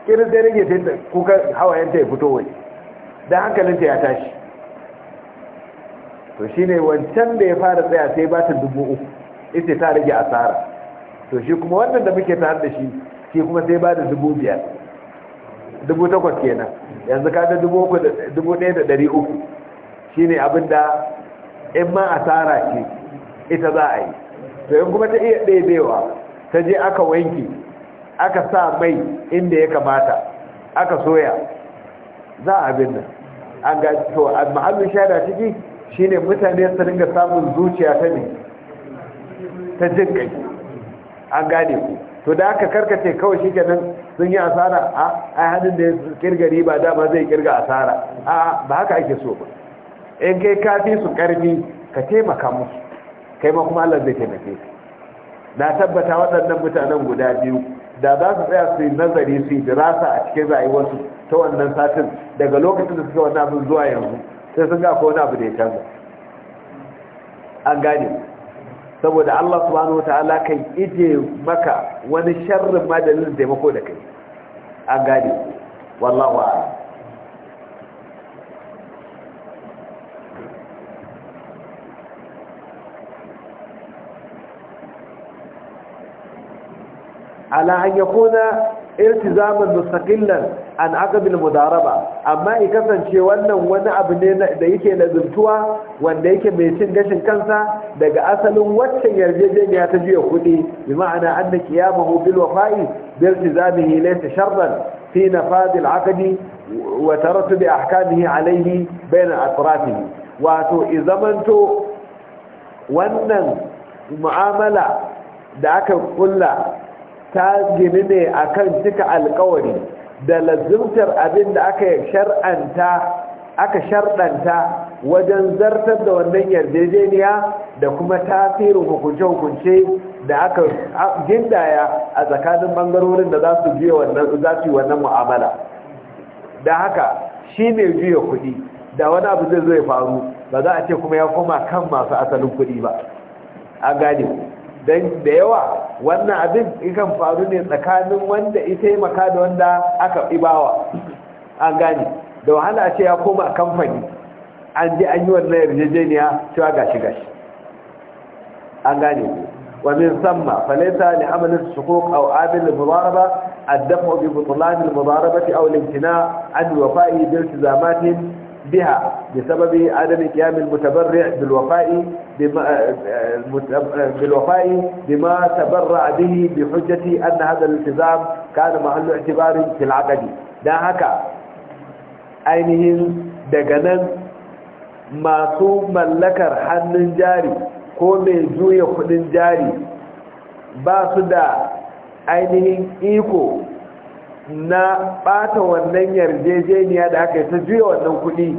irin sai rage ta kuka hawayen ta ya fito waje don hankalinta ya tashi to shi ne wancan da ya fara tsaya sai ba ta dubu uku ita ta rage asara to shi kuma wannan da muke tare da shi shi kuma sai ba da dubu biyar dubu takwas kenan yanzu ka ga dubu ɗaya da ɗari uku shi ne abin da in ma asara ce ita za a yi to in kuma ta iya ɗaiɗewa ta je aka wanki aka sa mai inda ya kamata aka soya za a abin nan an ga to a mahallin shaida ciki shi ne mutane su dinga samun zuciya ta ne ta jin kai an gane ku to da aka karkace kawai shi nan. sun yi asara a ai da ya kirga riba dama zai kirga asara a ba haka ake so ba in kai kafi su karfi ka taimaka musu kai ma kuma Allah zai taimake ka na tabbata waɗannan mutanen guda biyu da za su tsaya su yi nazari su yi dirasa a cikin rayuwarsu ta wannan satin daga lokacin da suka wannan abin zuwa yanzu sai sun ga ko wani abu da ya canza an gane saboda Allah subhanahu ta'ala kan ije maka wani sharrin madalin taimako da kai an gane wallahu a'lam على أن يكون iltizaman mustaqillan an aqabil mudaraba amma i kasance wannan wani abu ne da yake lazumtuwa wanda yake mai cin gashin kansa daga asalin waccan yarjejeniya ta jiya kuɗi bi ma'ana anna qiyamahu bil wafa'i bi iltizamihi laysa shartan fi nafad al aqdi wa tarattubi ahkamihi alayhi bayna atrafihi wato i zamanto wannan mu'amala da aka kulla ta gini ne a kan cika alkawari da lazimtar abin da aka shar'anta aka sharɗanta wajen zartar da wannan yarjejeniya da kuma tasirin hukunce-hukunce da aka gindaya a tsakanin bangarorin da za su biya wannan zafi wannan mu'amala da haka shi ne juya kuɗi da wani abu zai zo ya faru ba za a ce kuma ya koma kan masu asalin kuɗi ba a gane dan da yawa wannan abin ikan faru ne tsakanin wanda ita yi maka da wanda aka ibawa an gane da wahala ce ya koma kamfani an ji an yi wannan yarjejeniya cewa gashi gashi an gane wa samma falaita ne amalin su ko au abin al-mudaraba addafa bi butlan al-mudarabati aw al-imtina an wafa'i bil tizamatin بها بسبب عدم قيام المتبرع بالوفاء بالوفاء بما تبرع به بحجة أن هذا الالتزام كان محل اعتبار في العقد ده هكا ainihin daga nan masu mallakar hannun jari ko mai juya kudin jari ba su da ainihin iko na bata wannan yarjejeniya da aka yi ta juya wannan kuɗi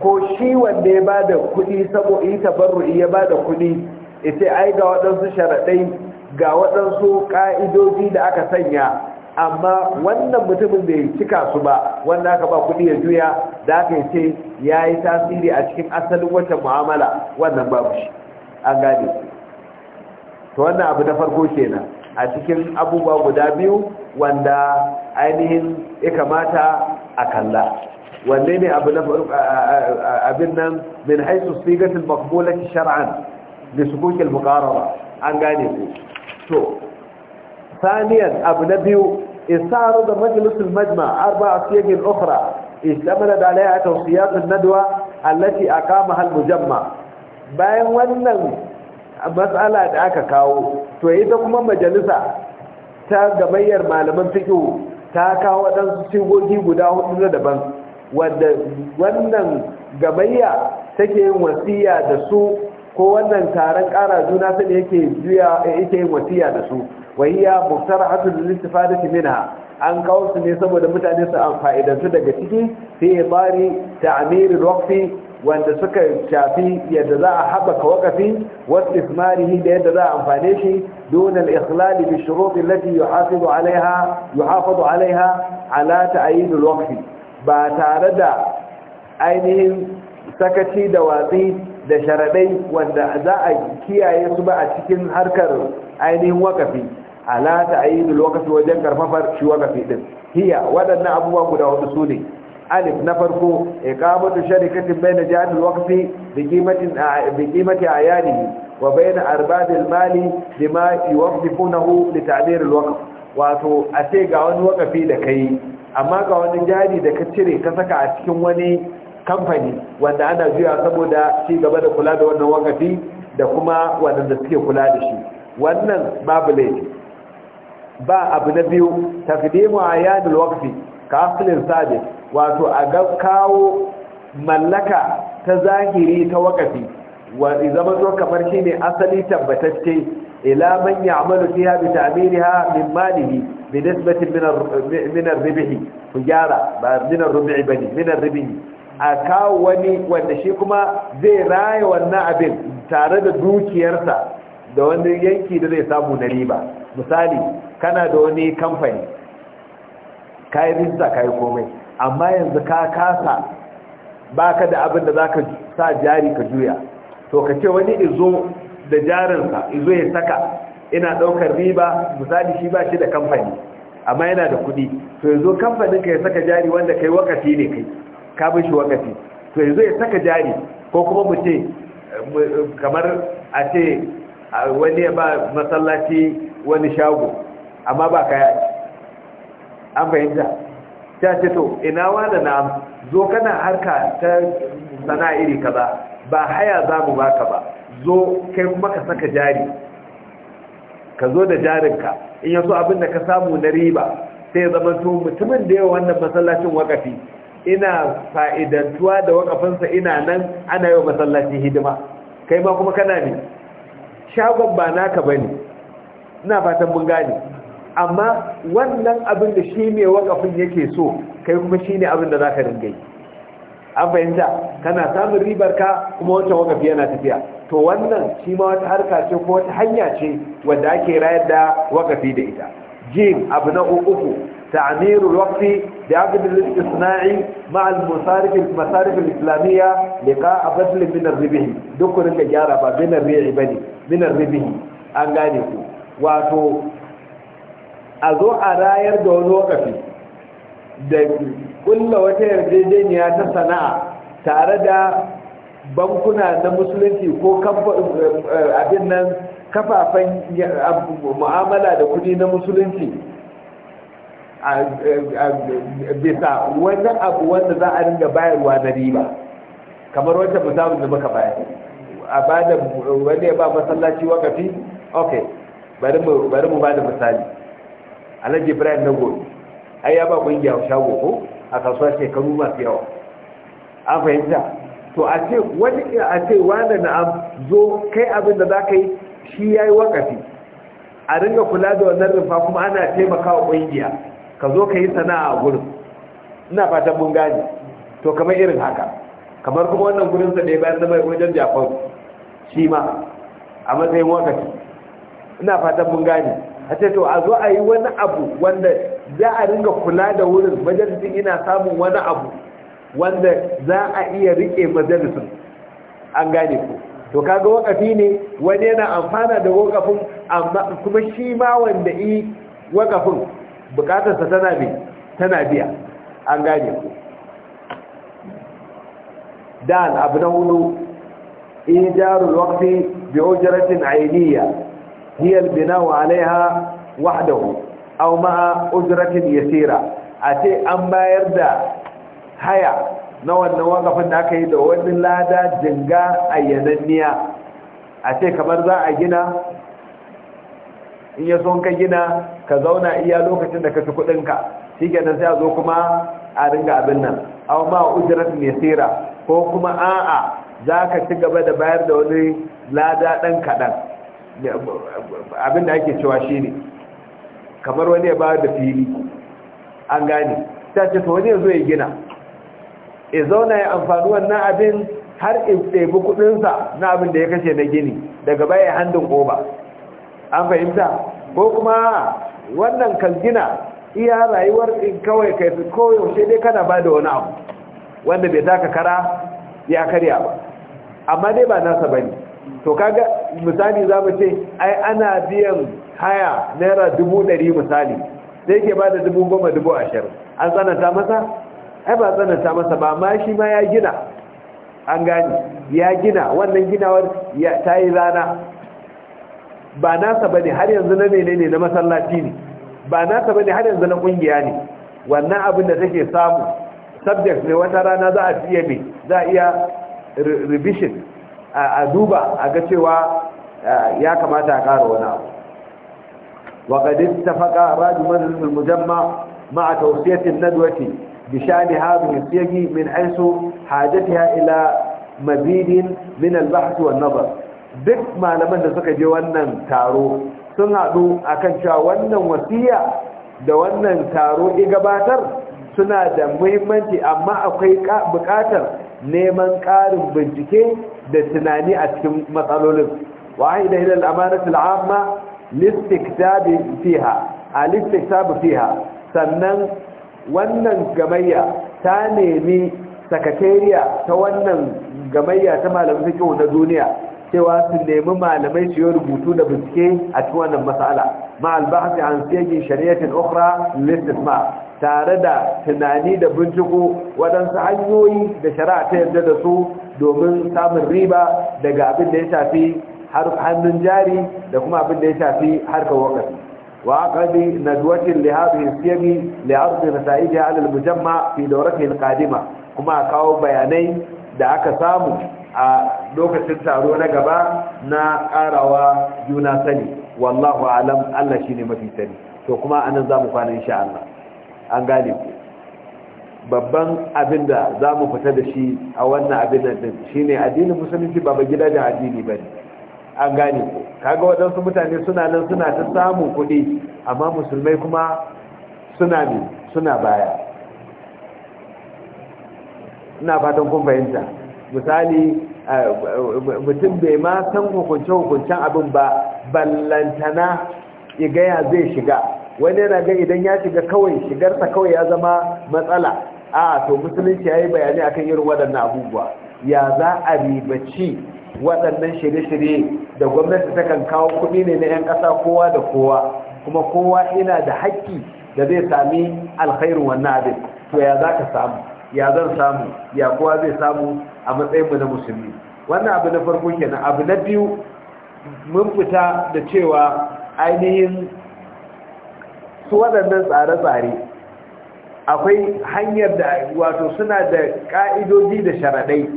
ko shi wanda ya ba da kuɗi saboda yi tabarru'i ya ba da kuɗi ita ai ga waɗansu sharaɗai ga waɗansu ƙa'idoji da aka sanya amma wannan mutumin bai cika su ba wanda aka ba kuɗi ya juya da aka yi ce ya yi tasiri a cikin asalin wata mu'amala wannan babu shi an gane to wannan abu na farko kenan a cikin abubuwa guda biyu wanda ainihin ya kamata a kalla wanne ne abin nan min haisu sigatul maqbulati shar'an li sukukil muqaraba an gane ku to ثانيا أبو نبيو استعرض مجلس المجمع أربع سياج أخرى اشتملت عليها توصيات الندوة التي أقامها bayan wannan matsala da aka kawo to ita kuma majalisa ta gamayyar malaman fiƙi ta kawo waɗansu sigogi guda hudu na daban wadda wannan gamayya take yin wasiya da su ko wannan taron ƙara juna su ne yake yin wasiya da su buktar muftarahatul listifadati minha an kawo su ne saboda mutane su an su daga ciki sai bari ta'mirul waqfi wanda suka shafi yadda za a haɓaka wakafi wasu ismarihi da yadda za a amfane shi دون الإخلال بالشروط التي يحافظ عليها يحافظ عليها على Ba tare da ainihin sakaci da watsi da sharadai wanda za a kiyaye su ba a cikin harkar ainihin wakafi ala ta'yidul wakafi wajen karfafar shi wakafi din hiya waɗannan abubuwa guda hudu su ne alif na farko iqamatu sharikatin bayna jihati alwaqfi bi qimati bi qimati ayanihi wa bayna arbadi mali bima yuwaqifunahu li ta'mir alwaqf wato a ce ga wani waqafi da kai amma ga wani jari da ka cire ka saka a cikin wani kamfani wanda ana juya saboda shi gaba da kula da wannan waqafi da kuma wanda suke kula da shi wannan babu laifi ba abu na biyu takdimu ayanul waqfi ka aslin sabit wato a ga kawo mallaka ta zahiri ta wakafi wa zama to kamar shi ne asali tabbatacce ila man ya'malu fiha bi ta'miliha min malihi bi nisbati min min ar-ribhi fujara ba min ar-rub'i bane min ar-ribhi a kawo wani wanda shi kuma zai raya wannan abin tare da dukiyarsa da wani yanki da zai samu na riba misali kana da wani kamfani kai rinsa kayi komai amma yanzu ka kasa ba ka da abin da za ka sa jari ka juya to ka ce wani izo da jarinsa izo ya saka ina daukar riba misali shi ba shi da kamfani amma yana da kuɗi to yanzu kamfanin ka ya saka jari wanda kai wakati ne kai ka bi shi wakati to yanzu ya saka jari ko kuma mu ce kamar a ce wani ya ba masallaci wani shago amma ba kai an fahimta ta ce to ina wada na zo kana harka ta sana iri kaza ba haya za mu baka ba zo kai kuma ka saka jari ka zo da ka. in yaso abin da ka samu na riba sai zama to mutumin da yawa wannan masallacin wakafi ina fa'idantuwa da wakafinsa ina nan ana yau masallacin hidima kai ma kuma kana ne shagon ba naka bane ina fatan mun gane amma wannan abin da shi ne wakafin yake so kai kuma shi ne abin da za ka ringa yi an fahimta kana samun ribar ka kuma wancan wakafi yana tafiya to wannan shi ma wata harka ce ko wata hanya ce wadda ake rayar da wakafi da ita jim abu na uku تعمير الوقت بعقد الاصطناعي مع المصارف المصارف الإسلامية لقاء بدل من الربح دكر الجارة بين الربح بني من الربح ku. واتو a zo a rayar da wani wakafi da kulla wata yarjejeniya ta sana'a tare da bankuna na musulunci ko eh, abin nan kafafen mu'amala da kudi na musulunci a bisa wannan abu wanda za a ringa bayarwa na riba kamar wata misalin da muka bayar a bada wani ya ba masallaci wakafi ok bari mu bada misali alhaji ibrahim na gobe ai ya ba kungiya shago ko a kasuwa shekaru masu yawa an fahimta to a ce wani a ce wanda na zo kai abin da za ka yi shi ya yi wakafi a ringa kula da wannan rufa kuma ana taimakawa kungiya ka zo ka yi sana'a a gurin ina fatan mun gane to kamar irin haka kamar kuma wannan gurin sa ne bayan zama wajen jafon shi ma a matsayin wakafi ina fatan mun gane a ce to a zo a yi wani abu wanda za a ringa kula da wurin majalisun ina samun wani abu wanda za a iya rike majalisun an gane ku to kaga wakafi ne wani yana amfana da wakafin amma kuma shi ma wanda yi wakafin bukatarsa tana bi tana biya an gane ku dan abu na hudu ijarul waqti bi ujratin ainiya هي البناء عليها وحده او مع اجره يسيره اتي ان باير دا هيا na wannan wakafin da aka yi da wannan lada jinga a yananniya a ce kamar za a gina in ya son ka gina ka zauna iya lokacin da ka ci kudinka shi gina sai a zo kuma a ringa abin nan au ma ujirar nesira ko kuma a'a za ka ci gaba da bayar da wani lada ɗan kaɗan abin da ake cewa shi ne kamar wani ya ba da fili an gane ta ce wani ya zo ya gina ya zauna ya amfani wannan abin har in ɗebi kuɗinsa na abin da ya kashe na gini daga baya handin oba, an fahimta ko kuma wannan kan gina iya rayuwar in kawai kai fi shi dai kana ba da wani abu wanda bai taka kara ya karya ba amma dai ba nasa ba ne to kaga misali za mu ce ai ana biyan haya naira dubu ɗari misali sai ke ba da dubu goma dubu ashirin an tsananta masa ai ba tsananta masa ba ma shi ma ya gina an gani ya gina wannan ginawar ta yi rana ba nasa ba ne har yanzu na mene ne na masallaci ne ba nasa ba ne har yanzu na ƙungiya ne wannan abin da take samu subject ne wata rana za a fiye mai za a iya revision a duba a ga cewa ya kamata a ƙara wani abu waƙadin ta faƙa rajin manzannin mulmujamma ma a tausiyatin nadwati bishani harin siyagi min aisu hajjati ha ila mazidin min albahasu wa nabar duk malaman da suka je wannan taro sun haɗu a kan cewa wannan wasiya da wannan taro igabatar suna da muhimmanci amma akwai buƙatar neman ƙarin bincike da tunani a cikin matsalolin wa haida ila al-amanatu al-amma listiktabi fiha fiha sannan wannan gamayya ta nemi sakatariya ta wannan gamayya ta malamai fiqh na duniya cewa su nemi malamai su yi rubutu da bincike a cikin wannan mas'ala ma al an siyaqi shari'atin ukhra lil-istismar tare da tunani da binciko waɗansu hanyoyi da shari'a ta yarda da su domin samun riba daga abin da ya shafi hannun jari da kuma abin da ya shafi harkar wakati wa aqadi nadwatin li hadhihi siyami li ardi 'ala almujamma fi dawratihi alqadima kuma kawo bayanai da aka samu a lokacin taro na gaba na karawa juna sani wallahu alam Allah shine mafi sani to kuma anan zamu kwana insha Allah an gane ku babban abin da za mu fita da shi a wannan abin da shi ne addinin musulunci ba ba gida da addini ba ne an gane ku kaga waɗansu mutane suna nan suna ta samun kuɗi amma musulmai kuma suna ne suna baya ina fatan kun fahimta misali mutum bai ma san hukunce-hukuncen abin ba ballantana igaya zai shiga wani yana ga idan ya shiga kawai shigarsa kawai ya zama matsala a to musulunci ya yi bayani akan irin waɗannan abubuwa ya za a ribaci waɗannan shirye-shirye da gwamnati takan kawo kuɗi ne na 'yan ƙasa kowa da kowa kuma kowa ina da haƙƙi da zai sami alkhairin wannan abin to ya za ka samu ya zan samu ya kowa zai samu a matsayinmu na musulmi wannan abu na farko kenan abu na biyu mun fita da cewa ainihin su waɗannan tsare-tsare akwai hanyar da wato suna da ƙa'idoji da sharaɗai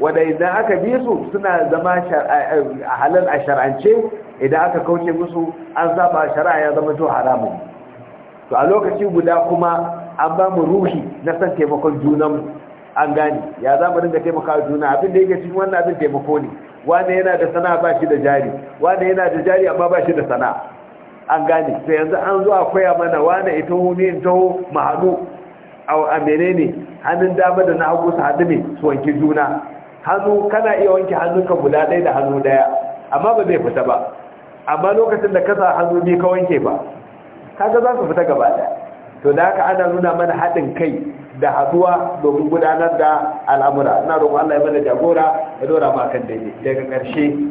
wadda idan aka bi su suna zama a halal a shar'ance idan aka kauce musu an zaba shari'a ya zama to haramun to a lokaci guda kuma an ba mu ruhi na san taimakon junan an gani ya za mu dinga taimaka juna abin da yake cikin wannan abin taimako ne wanda yana da sana'a ba shi da jari wanda yana da jari amma ba shi da sana'a an gane sai yanzu an zuwa a koya mana wane ita huni in taho mahadu a menene hannun dama da na hagu su hadu ne su wanki juna hannu kana iya wanke hannunka guda ɗaya da hannu ɗaya amma ba zai fita ba amma lokacin da ka sa hannu biyu ka wanke ba kaga za su fita gaba ɗaya to da haka ana nuna mana haɗin kai da haduwa domin gudanar da al'amura ina roƙon Allah ya mana jagora ya dora ma kan daidai daga ƙarshe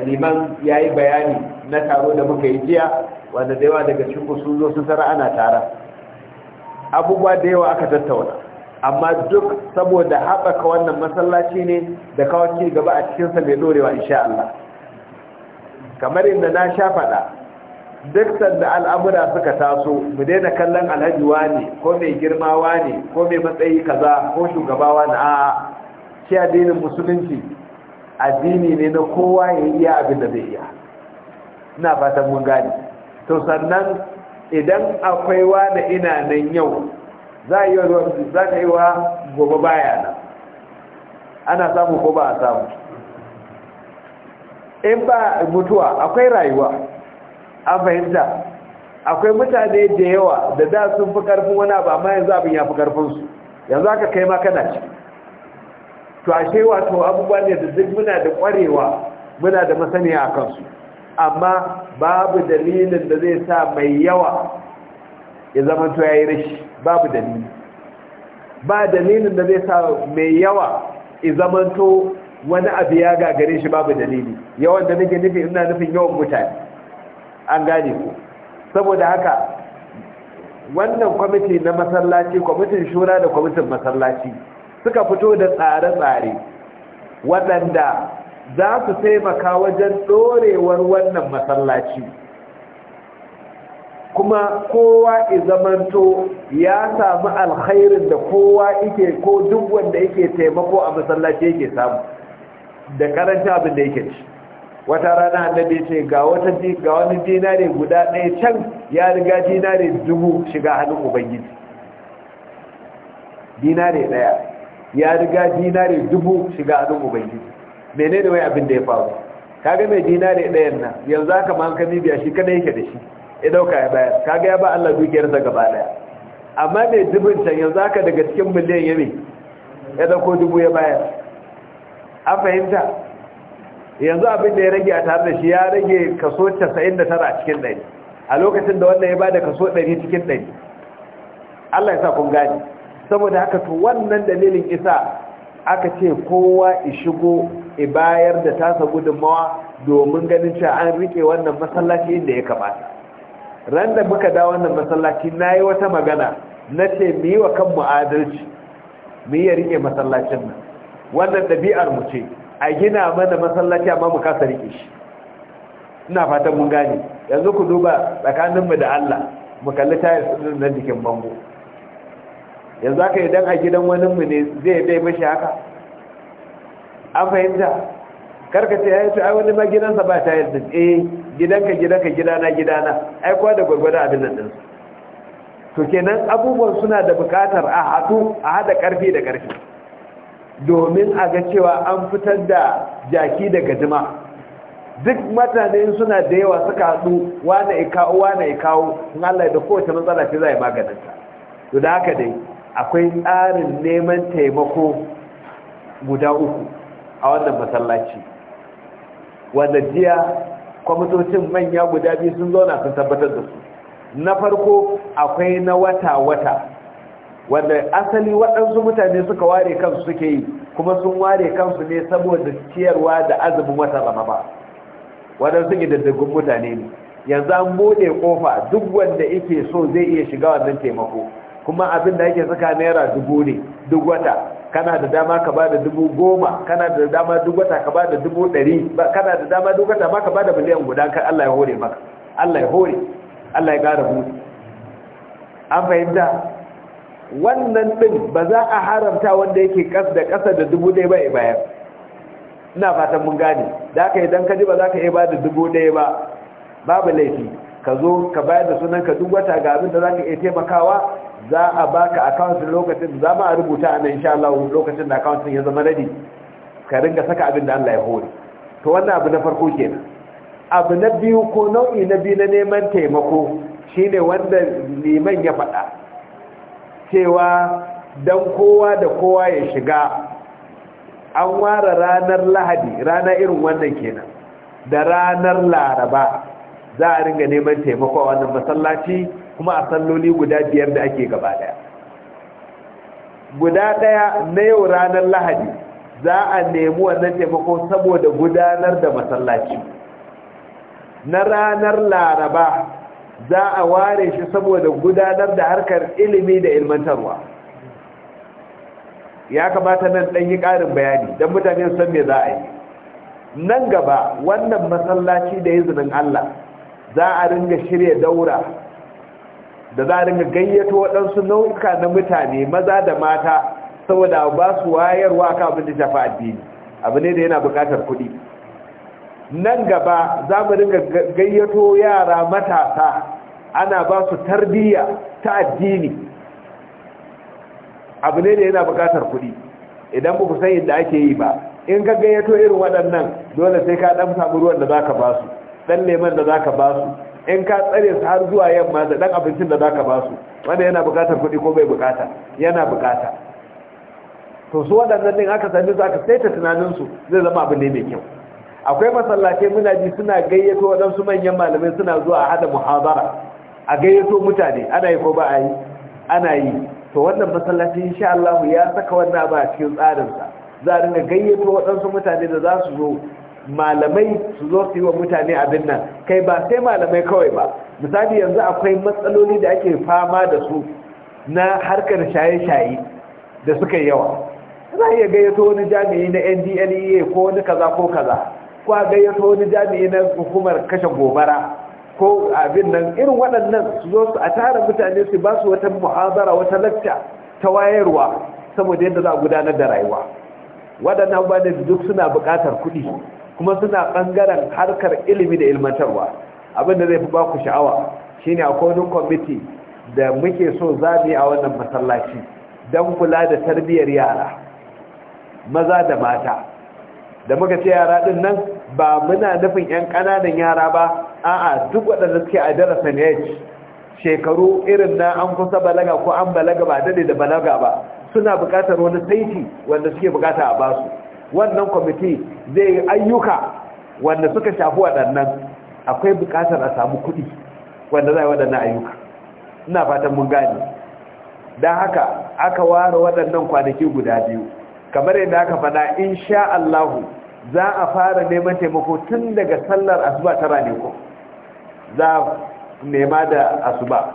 liman ya yi bayani na taro da muka yi jiya wanda da yawa daga cikin sun zo sun tara ana tara abubuwa da yawa aka tattauna amma duk saboda haɓaka wannan masallaci ne da kawo ci gaba a cikinsa mai dorewa insha Allah kamar inda na sha faɗa duk sanda al'amura suka taso mu daina kallon alhaji ne ko mai girmawa ne ko mai matsayi kaza ko shugaba wani a shi addinin musulunci addini ne na kowa ya iya abin da zai iya ina fatan mun gane to sannan idan akwai wa da ina nan yau za a yi wa za ka yi wa gobe baya nan ana samu ko ba a samu in ba mutuwa akwai rayuwa an fahimta akwai mutane da yawa da da sun fi karfin wani abu amma yanzu abin ya fi su yanzu aka kai ma kana ci. to wato abubuwa ne da duk muna da kwarewa muna da masaniya a kansu amma babu dalilin da zai sa mai yawa ya zama to yi rashi babu dalili ba dalilin da zai sa mai yawa ya zama to wani abu ya gagare shi babu dalili yawan da nake nufi ina nufin yawan mutane an gane ku saboda haka wannan kwamiti na masallaci kwamitin shura da kwamitin masallaci suka fito da tsare-tsare waɗanda za su taimaka wajen ɗorewar wannan masallaci kuma kowa izamanto ya samu alkhairin da kowa ike ko duk wanda yake taimako a masallaci yake samu da karanta abin da yake ci wata rana bai ce ga wata ga wani dinare guda ɗaya can ya riga dinare dubu shiga hannun ubangiji dinare ɗaya ya riga dinare dubu shiga hannun ubangiji da wai abin da ya faru kaga mai dinare ɗayan nan yanzu aka ma an kami biya shi kada yake da shi ya dauka ya bayar kaga ya ba Allah dukiyarsa gaba daya amma mai dubin can yanzu haka daga cikin miliyan yami ya dauko dubu ya bayar an fahimta yanzu abin da ya rage a tare da shi ya rage kaso 99 a cikin ɗari. a lokacin da wannan ya bada kaso 100 cikin ɗari. Allah ya sa kun gani saboda haka to wannan dalilin isa aka ce kowa shigo i bayar da tasa gudunmawa domin ganin cewa an rike wannan masallaci inda ya kamata ran da muka da wannan masallaci na yi wata magana na ce mu yi wa kanmu adalci mu yi rike masallacin nan wannan ɗabi'ar mu ce a gina mana masallaci amma mu kasa rike shi ina fatan mun gane yanzu ku duba tsakaninmu da Allah mu kalli tayar na jikin bango yanzu haka idan a gidan wani mu ne zai dai mashi haka an fahimta karka ce yayi ai wani ma gidansa ba ta yadda eh gidanka gidanka gidana gidana ai da gwagwada abin nan ɗinsu. to kenan abubuwan suna da bukatar a hatu a hada karfi da karfi domin a ga cewa an fitar da jaki da gajima duk mutane suna da yawa suka hadu wane ya kawo wani ya kawo in Allah da kowace matsala ce za a yi maganin ta to da haka dai akwai tsarin neman taimako guda uku a wannan masallaci wanda jiya kwamitocin manya guda biyu sun zauna sun tabbatar da su na farko akwai na wata-wata wanda asali waɗansu mutane suka ware kansu suke yi kuma sun ware kansu ne saboda ciyarwa da azumin wata ramama waɗansu gidaddagun mutane ne yanzu an buɗe ƙofa duk wanda ike so zai iya shiga wannan taimako kuma abin da ake saka naira dubu ne duk wata kana da dama ka ba da dubu goma kana da dama duk wata ka ba da dubu ɗari kana da dama duk wata ma ka ba da miliyan guda kan Allah ya hore maka Allah ya hore Allah ya gara buɗe an fahimta wannan ɗin ba za a haramta wanda yake kas da ƙasa da dubu ɗaya ba ya bayar ina fatan mun gane da aka idan ka ji ba za ka iya ba da dubu ɗaya ba babu laifi ka zo ka bayar da sunan ka duk wata ga abin da za ka iya taimakawa za a baka account lokacin za mu a rubuta a nan insha Allah lokacin da account ya zama ready ka ringa saka abin da Allah ya hore to wannan abu na farko kenan abu na biyu ko nau'i na biyu na neman taimako shine wanda liman ya faɗa cewa dan kowa da kowa ya shiga an ware ranar lahadi rana irin wannan kenan da ranar laraba za a ringa neman taimako a wannan masallaci kuma a salloli guda biyar da ake gaba daya guda daya na yau ranar lahadi za a nemi wannan taimako saboda gudanar da masallaci na ranar laraba za a ware shi saboda gudanar da harkar ilimi da ilmantarwa ya kamata nan ɗan yi ƙarin bayani don mutane san me za a yi nan gaba wannan masallaci da izinin Allah za a ringa shirya daura da za a dinga gayyato waɗansu nau'uka na mutane maza da mata saboda ba su wayarwa kan abin da shafa addini abu ne da yana buƙatar kuɗi nan gaba za mu dinga gayyato yara matasa ana ba su tarbiyya ta addini abu ne da yana buƙatar kuɗi idan ba ku san yadda ake yi ba in ka gayyato irin waɗannan dole sai ka ɗan samu ruwan da za ka ba su ɗan neman da za ka ba su in ka tsare su har zuwa yamma da dan abincin da zaka ba su wanda yana bukatar kuɗi ko bai bukata yana bukata to su waɗannan din aka sani su aka saita tunanin su zai zama abu ne mai kyau akwai masallatai muna ji suna gayyato waɗansu manyan malamai suna zuwa a hada muhabara a gayyato mutane ana yi ko ba a yi ana yi to wannan masallaci insha Allah ya saka wannan ba a cikin tsarin sa za a dinga gayyato waɗansu mutane da za su zo malamai su zo su yi wa mutane abin nan kai ba sai malamai kawai ba misali yanzu akwai matsaloli da ake fama da su na harkar shaye-shaye da suka yawa za a iya gayyato wani jami'i na ndlea ko wani kaza ko kaza ko a gayyato wani jami'i na hukumar kashe gobara ko abin nan irin waɗannan su zo su a tara mutane su ba su wata muhazara wata lacca ta wayarwa saboda yadda za a gudanar da rayuwa waɗannan ba duk suna buƙatar kuɗi kuma suna ɓangaren harkar ilimi da ilmantarwa abin da zai fi baku sha'awa shine akwai wani kwamiti da muke so zabi a wannan masallaci don kula da tarbiyyar yara maza da mata da muka ce yara ɗin nan ba muna nufin 'yan ƙananan yara ba a'a duk waɗanda suke a darasin age shekaru irin na an kusa balaga ko an balaga ba dade da balaga ba suna buƙatar wani saiti wanda suke buƙata a basu wannan kwamiti zai yi ayyuka wanda suka shafi waɗannan akwai buƙatar a samu kuɗi wanda zai waɗannan ayyuka ina fatan mun gane don haka aka ware waɗannan kwanaki guda biyu kamar yadda aka faɗa insha Allahu za a fara neman taimako tun daga sallar asuba ta raneko za a nema da asuba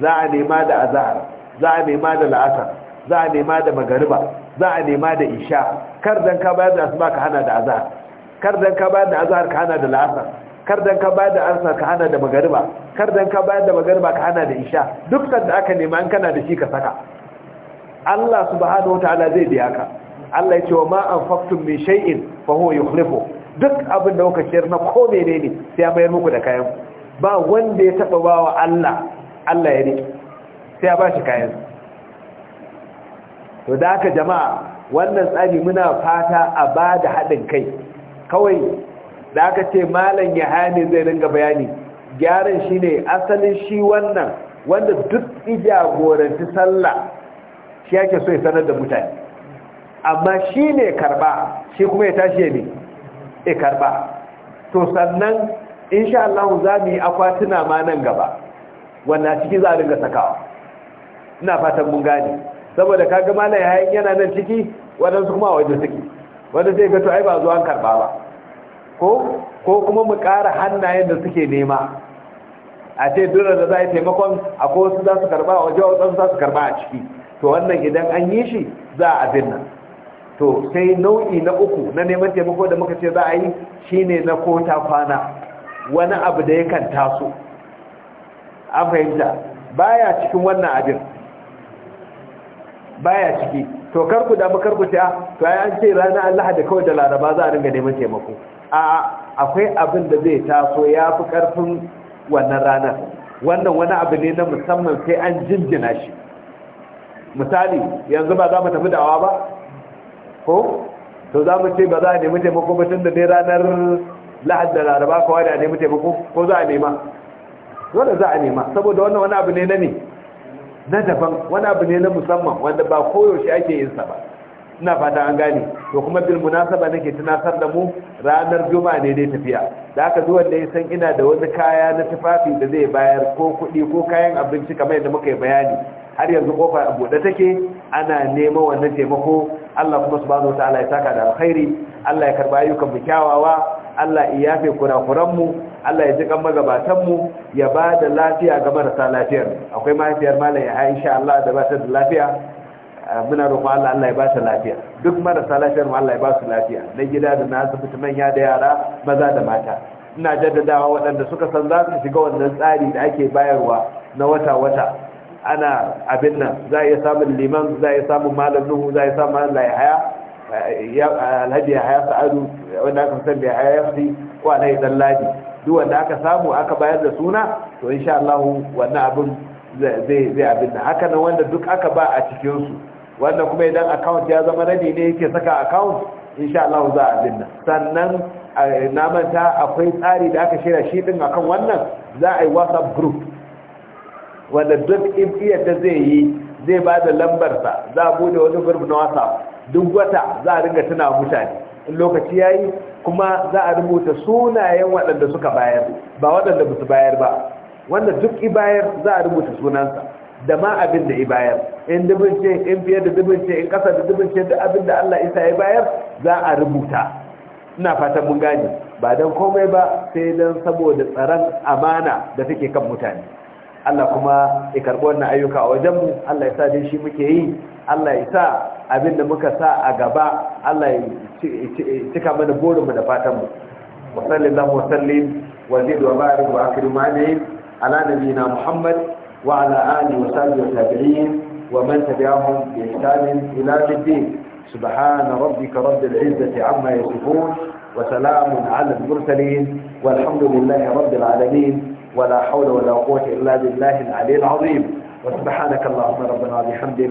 za a nema da azahar za a nema da la'asar za a nema da magariba za a nema da isha kar dan ka bayar da asuba ka hana da azhar kar dan ka bayar da azhar ka hana da la'asar kar dan ka bayar da asar ka hana da magariba kar dan ka bayar da magariba ka hana da isha dukkan da aka nema in kana da shi ka saka Allah subhanahu wataala zai biya ka Allah ya ce wa ma anfaqtum min shay'in fa huwa yukhlifu duk abin da kuka ciyar na ko menene sai ya mayar muku da kayan ba wanda ya taba bawa Allah Allah ya rike sai ya bashi kayan to da haka jama'a wannan tsari muna fata a ba da haɗin kai kawai da aka ce malam ya hane zai ringa bayani gyaran shi ne asalin shi wannan wanda duk ija goranti sallah shi yake so ya sanar da mutane amma shi ne karba shi kuma ya tashi ne ya karba to sannan insha Allah za mu yi akwatuna ma nan gaba Wannan ciki za a ringa sakawa ina fatan mun gane saboda kaga malam yayin yana nan ciki waɗansu kuma a waje suke wanda zai gato ai ba zuwan karba ba ko ko kuma mu ƙara hannayen da suke nema a ce dole da za a yi taimakon a ko su za su karba a waje waɗansu za su karba a ciki to wannan idan an yi shi za a abin nan to sai nau'i na uku na neman taimako da muka ce za a yi shine na kota kwana wani abu da yakan taso an fahimta baya cikin wannan abin baya ciki to kar ku damu kar ku ta to ai an ce rana Allah da kawai da Laraba za a ringa neman taimako a akwai abin da zai taso ya fi karfin wannan ranar wannan wani abu ne na musamman sai an jinjina shi misali yanzu ba za mu tafi dawa ba ko to za mu ce ba za a nemi taimako ba tunda dai ranar lahad da laraba kawai da a nemi taimako ko za a nema dole za a nema saboda wannan wani abu ne na ne na daban wani abu ne na musamman wanda ba koyaushe ake yin sa ba ina fata an gane to kuma bil munasaba nake tunasar da mu ranar juma'a ne dai tafiya da aka zuwa da ya san ina da wani kaya na tufafi da zai bayar ko kuɗi ko kayan abinci kamar yadda muka yi bayani har yanzu kofa a buɗe take ana nema wannan taimako Allah kuma subhanahu wataala ya saka da alkhairi Allah ya karba ayyukan mu kyawawa Allah ya yafe kurakuranmu Allah ya ji kan magabatanmu ya ba da lafiya ga marasa lafiyar akwai mahaifiyar malam ya aisha Allah da ba ta da lafiya ah, muna roƙo Allah Allah ya ba ta lafiya duk marasa lafiyar mu Allah ya ba su lafiya na gida da na asibiti manya da yara maza da mata ina jaddadawa waɗanda suka san za su shiga wannan tsari da ake bayarwa na wata-wata ana abin nan za a iya samun liman za a iya samun malam nuhu za a iya samun malam haya alhaji ya sa'adu wanda aka san da ya yafi ko alhaji dan duk wanda aka samu aka bayar da suna to insha Allah wannan abin zai abin da haka nan wanda duk aka ba a cikinsu su wanda kuma idan account ya zama rabi ne yake saka account insha Allah za a abin nan sannan na manta akwai tsari da aka shirya shi din akan wannan za a yi WhatsApp group wanda duk in da zai yi zai ba da lambarsa za a bude wani gurbi na whatsapp duk wata za a ringa tuna mutane in lokaci ya yi kuma za a rubuta sunayen waɗanda suka bayar ba waɗanda ba su bayar ba wanda duk i bayar za a rubuta sunansa da ma abin da ibayar in dubince in fiye da dubince in ƙasa da dubince da abin da Allah isa ya bayar za a rubuta ina fatan mun gane ba don komai ba sai don saboda tsaron amana da take kan mutane Allah kuma ya karɓi wannan ayyuka a wajenmu Allah ya sa dai shi muke yi Allah ya sa abin da muka sa a gaba Allah ya cika mana mu da fatanmu wasallallahu wasallim wa zid wa barik wa akrim alayhi ala nabiyyina muhammad wa ala alihi wa sahbihi wa tabi'in wa man tabi'ahum bi ihsan ila yawm سبحان ربك رب العزة عما يصفون وسلام على المرسلين والحمد لله رب العالمين ولا حول ولا قوة إلا بالله العلي العظيم وسبحانك اللهم ربنا بحمدك